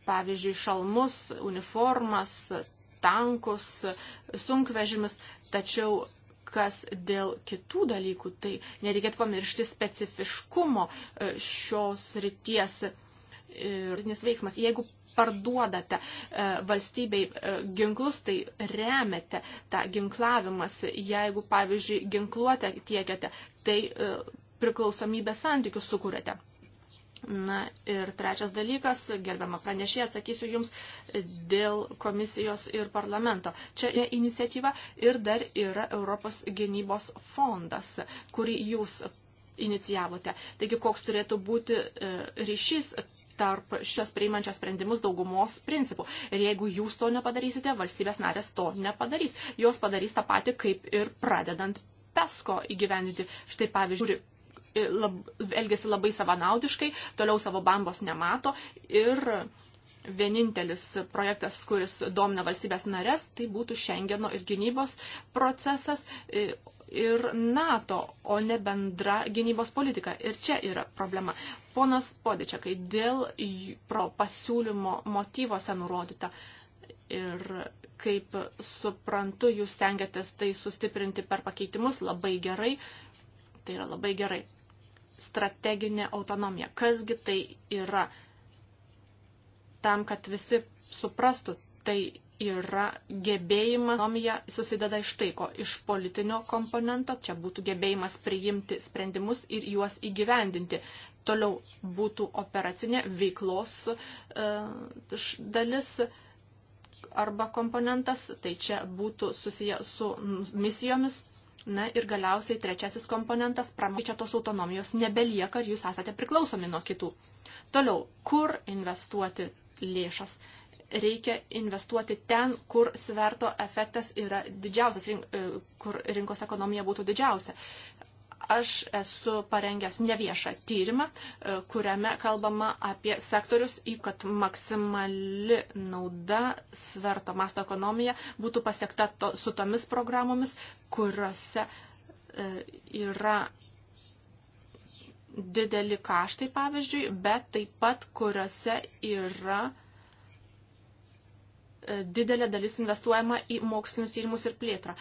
pavyzdžiui, šalmus, uniformas, tankus, sunkvežimis, tačiau kas dėl kitų dalykų, tai nereikėtų pamiršti specifiškumo e, šios ryties. E, Ir veiksmas, jeigu parduodate e, valstybei e, ginklus, tai remiate tą ginklavimas. Jeigu, pavyzdžiui, ginkluotę tiekiate, tai e, priklausomybės santykius sukūrėte. Na ir trečias dalykas, gerbiamą pranešį, atsakysiu Jums dėl komisijos ir parlamento. Čia iniciatyva ir dar yra Europos gynybos fondas, kurį Jūs inicijavote. Taigi, koks turėtų būti e, ryšys tarp šios priimančios sprendimus daugumos principų. Ir jeigu jūs to nepadarysite, valstybės narės to nepadarys. Jos padarys tą patį, kaip ir pradedant PESCO įgyvendinti. Štai pavyzdžiui, lab, elgesi labai savanaudiškai, toliau savo bambos nemato ir vienintelis projektas, kuris domina valstybės narės, tai būtų Šengeno ir gynybos procesas e, ir NATO, o ne bendra gynybos politika. Ir čia yra problema. Ponas Podičiakai, dėl pasiūlymo motyvose nurodyta ir kaip suprantu, jūs tengiatės tai sustiprinti per pakeitimus labai gerai. Tai yra labai gerai strateginė autonomija. Kasgi tai yra? Tam, kad visi suprastų, tai yra gebėjimas, autonomija susideda iš tai, ko iš politinio komponento, čia būtų gebėjimas priimti sprendimus ir juos įgyvendinti. Toliau būtų operacinė veiklos e, dalis arba komponentas, tai čia būtų susiję su misijomis, Na ir galiausiai trečiasis komponentas - pramai čia tos autonomijos nebelieka ir jūs esate priklausomi nuo kitų. Toliau, kur investuoti lėšas? Reikia investuoti ten, kur sverto efektas yra didžiausias, e, kur rinkos ekonomija būtų didžiausia. Aš esu parengęs neviešą tyrimą, e, kuriame kalbama apie sektorius, į kad maksimali nauda sverto masto ekonomija būtų pasiekta to, su tomis programomis, kuriuose e, yra dideli kaštai, pavyzdžiui, bet taip pat kuriuose yra e, didelė dalis investuojama į mokslinius tyrimus ir plėtrą.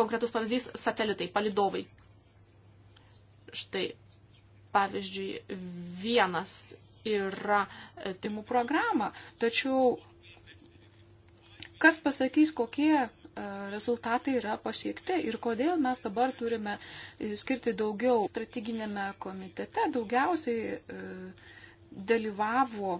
Konkretus pavyzdys - satelitai, palidovai. Štai, pavyzdžiui, vienas yra e, timų programa, tačiau kas pasakys, kokie e, rezultatai yra pasiekti ir kodėl mes dabar turime e, skirti daugiau strateginėme komitete. Daugiausiai dalyvavo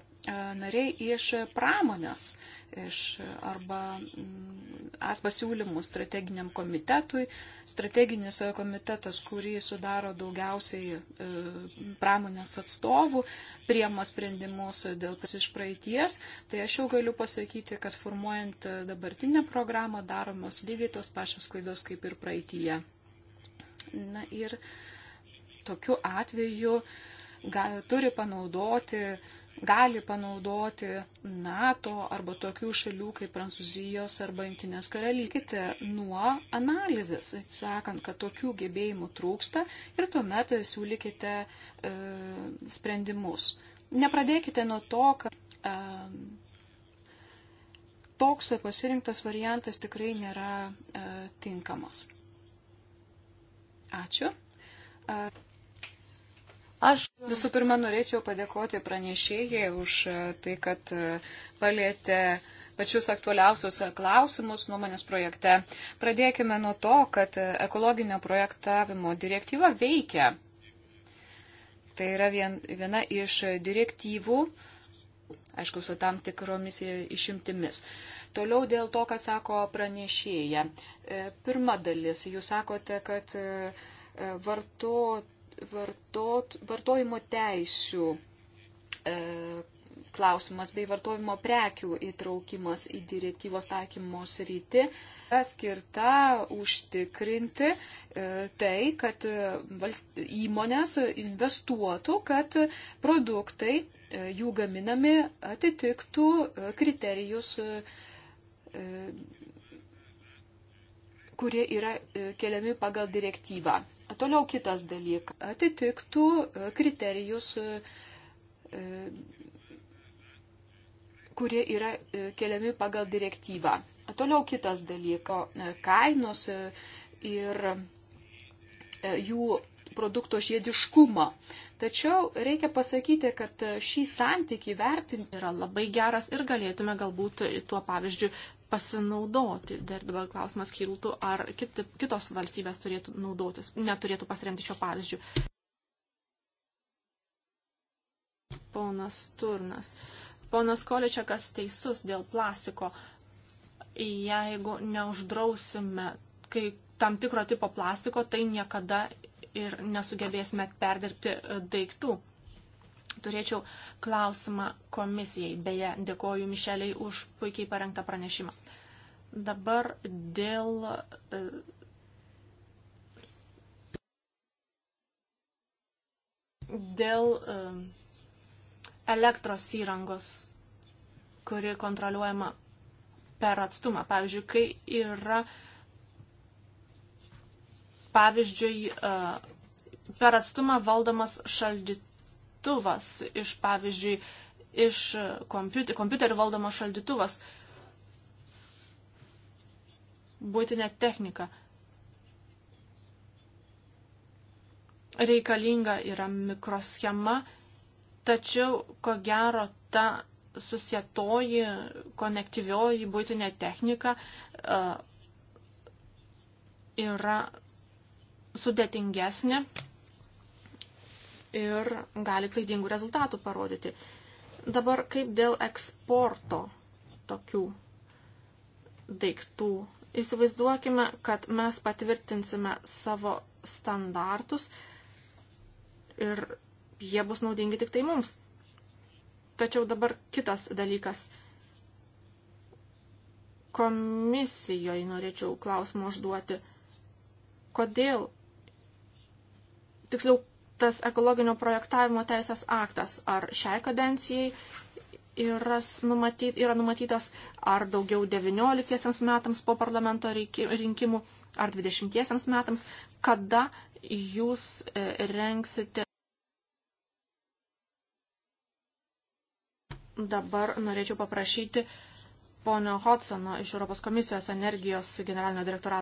nariai iš pramonės iš, arba mm, as pasiūlymų strateginiam komitetui. Strateginis komitetas, kurį sudaro daugiausiai e, pramonės atstovų, priema sprendimus dėl pas iš praeities. Tai aš jau galiu pasakyti, kad formuojant dabartinę programą daromos lygiai tos pačios klaidos kaip ir praeitie. Na ir tokiu atveju uh, gali, turi panaudoti, gali panaudoti NATO arba tokių šalių kaip Prancūzijos arba Jungtinės karalystės nuo analizės, sakant, kad tokių gebėjimų trūksta ir tuomet siūlykite e, sprendimus. Nepradėkite nuo to, kad e, toks pasirinktas variantas tikrai nėra e, tinkamas. Ačiū. E, Aš visų pirma norėčiau padėkoti pranešėjai už e, tai, kad e, palėtė pačius aktualiausius e, klausimus nuomonės projekte. Pradėkime nuo to, kad ekologinio projektavimo direktyva veikia. Tai yra vien, viena iš direktyvų, aišku, su tam tikromis išimtimis. Toliau dėl to, ką sako pranešėja. Pirma dalis, jūs sakote, kad vartotojai vartot, vartojimo teisių e, klausimas bei vartojimo prekių įtraukimas į direktyvos taikymo sritį yra skirta užtikrinti e, tai, kad e, įmonės investuotų, kad produktai e, jų gaminami atitiktų kriterijus, kurie yra keliami pagal direktyvą. Toliau kitas dalykas. Atitiktų e, kriterijus, e, e, kurie yra keliami pagal direktyvą. Toliau kitas dalykas. Kainos ir jų produkto žiediškumą. Tačiau reikia pasakyti, kad šį santykį vertinti yra labai geras ir galėtume galbūt tuo pavyzdžiu pasinaudoti. Dar dabar klausimas kiltų, ar kiti, kitos valstybės turėtų naudotis, neturėtų pasiremti šio pavyzdžių. Ponas Turnas. Ponas Količiakas teisus dėl plastiko. Jeigu neuždrausime kai tam tikro tipo plastiko, tai niekada ir nesugebėsime perdirbti e, daiktų. Turėčiau klausimą komisijai. Beje, dėkoju Mišeliai už puikiai parengtą pranešimą. Dabar dėl. E, dėl e, elektros įrangos, kuri kontroliuojama per atstumą. Pavyzdžiui, kai yra, pavyzdžiui, e, per atstumą valdomas šaldytuvas šaldytuvas, iš pavyzdžiui, iš kompiuter, kompiuterių valdomas šaldytuvas, būtinė technika. Reikalinga yra mikroschema, tačiau ko gero ta susietoji, konektyvioji būtinė technika uh, yra sudėtingesnė ir gali klaidingų rezultatų parodyti. Dabar kaip dėl eksporto tokių daiktų. Įsivaizduokime, kad mes patvirtinsime savo standartus ir jie bus naudingi tik tai mums. Tačiau dabar kitas dalykas. Komisijoje norėčiau klausimą užduoti. Kodėl, tiksliau, tas ekologinio projektavimo teisės aktas, ar šiai kadencijai yra, numatyt, yra numatytas, ar daugiau 19 metams po parlamento rinkimų, ar 20 metams, kada jūs e, renksite. Dabar norėčiau paprašyti ponio Hodsono iš Europos komisijos energijos generalinio direktorato.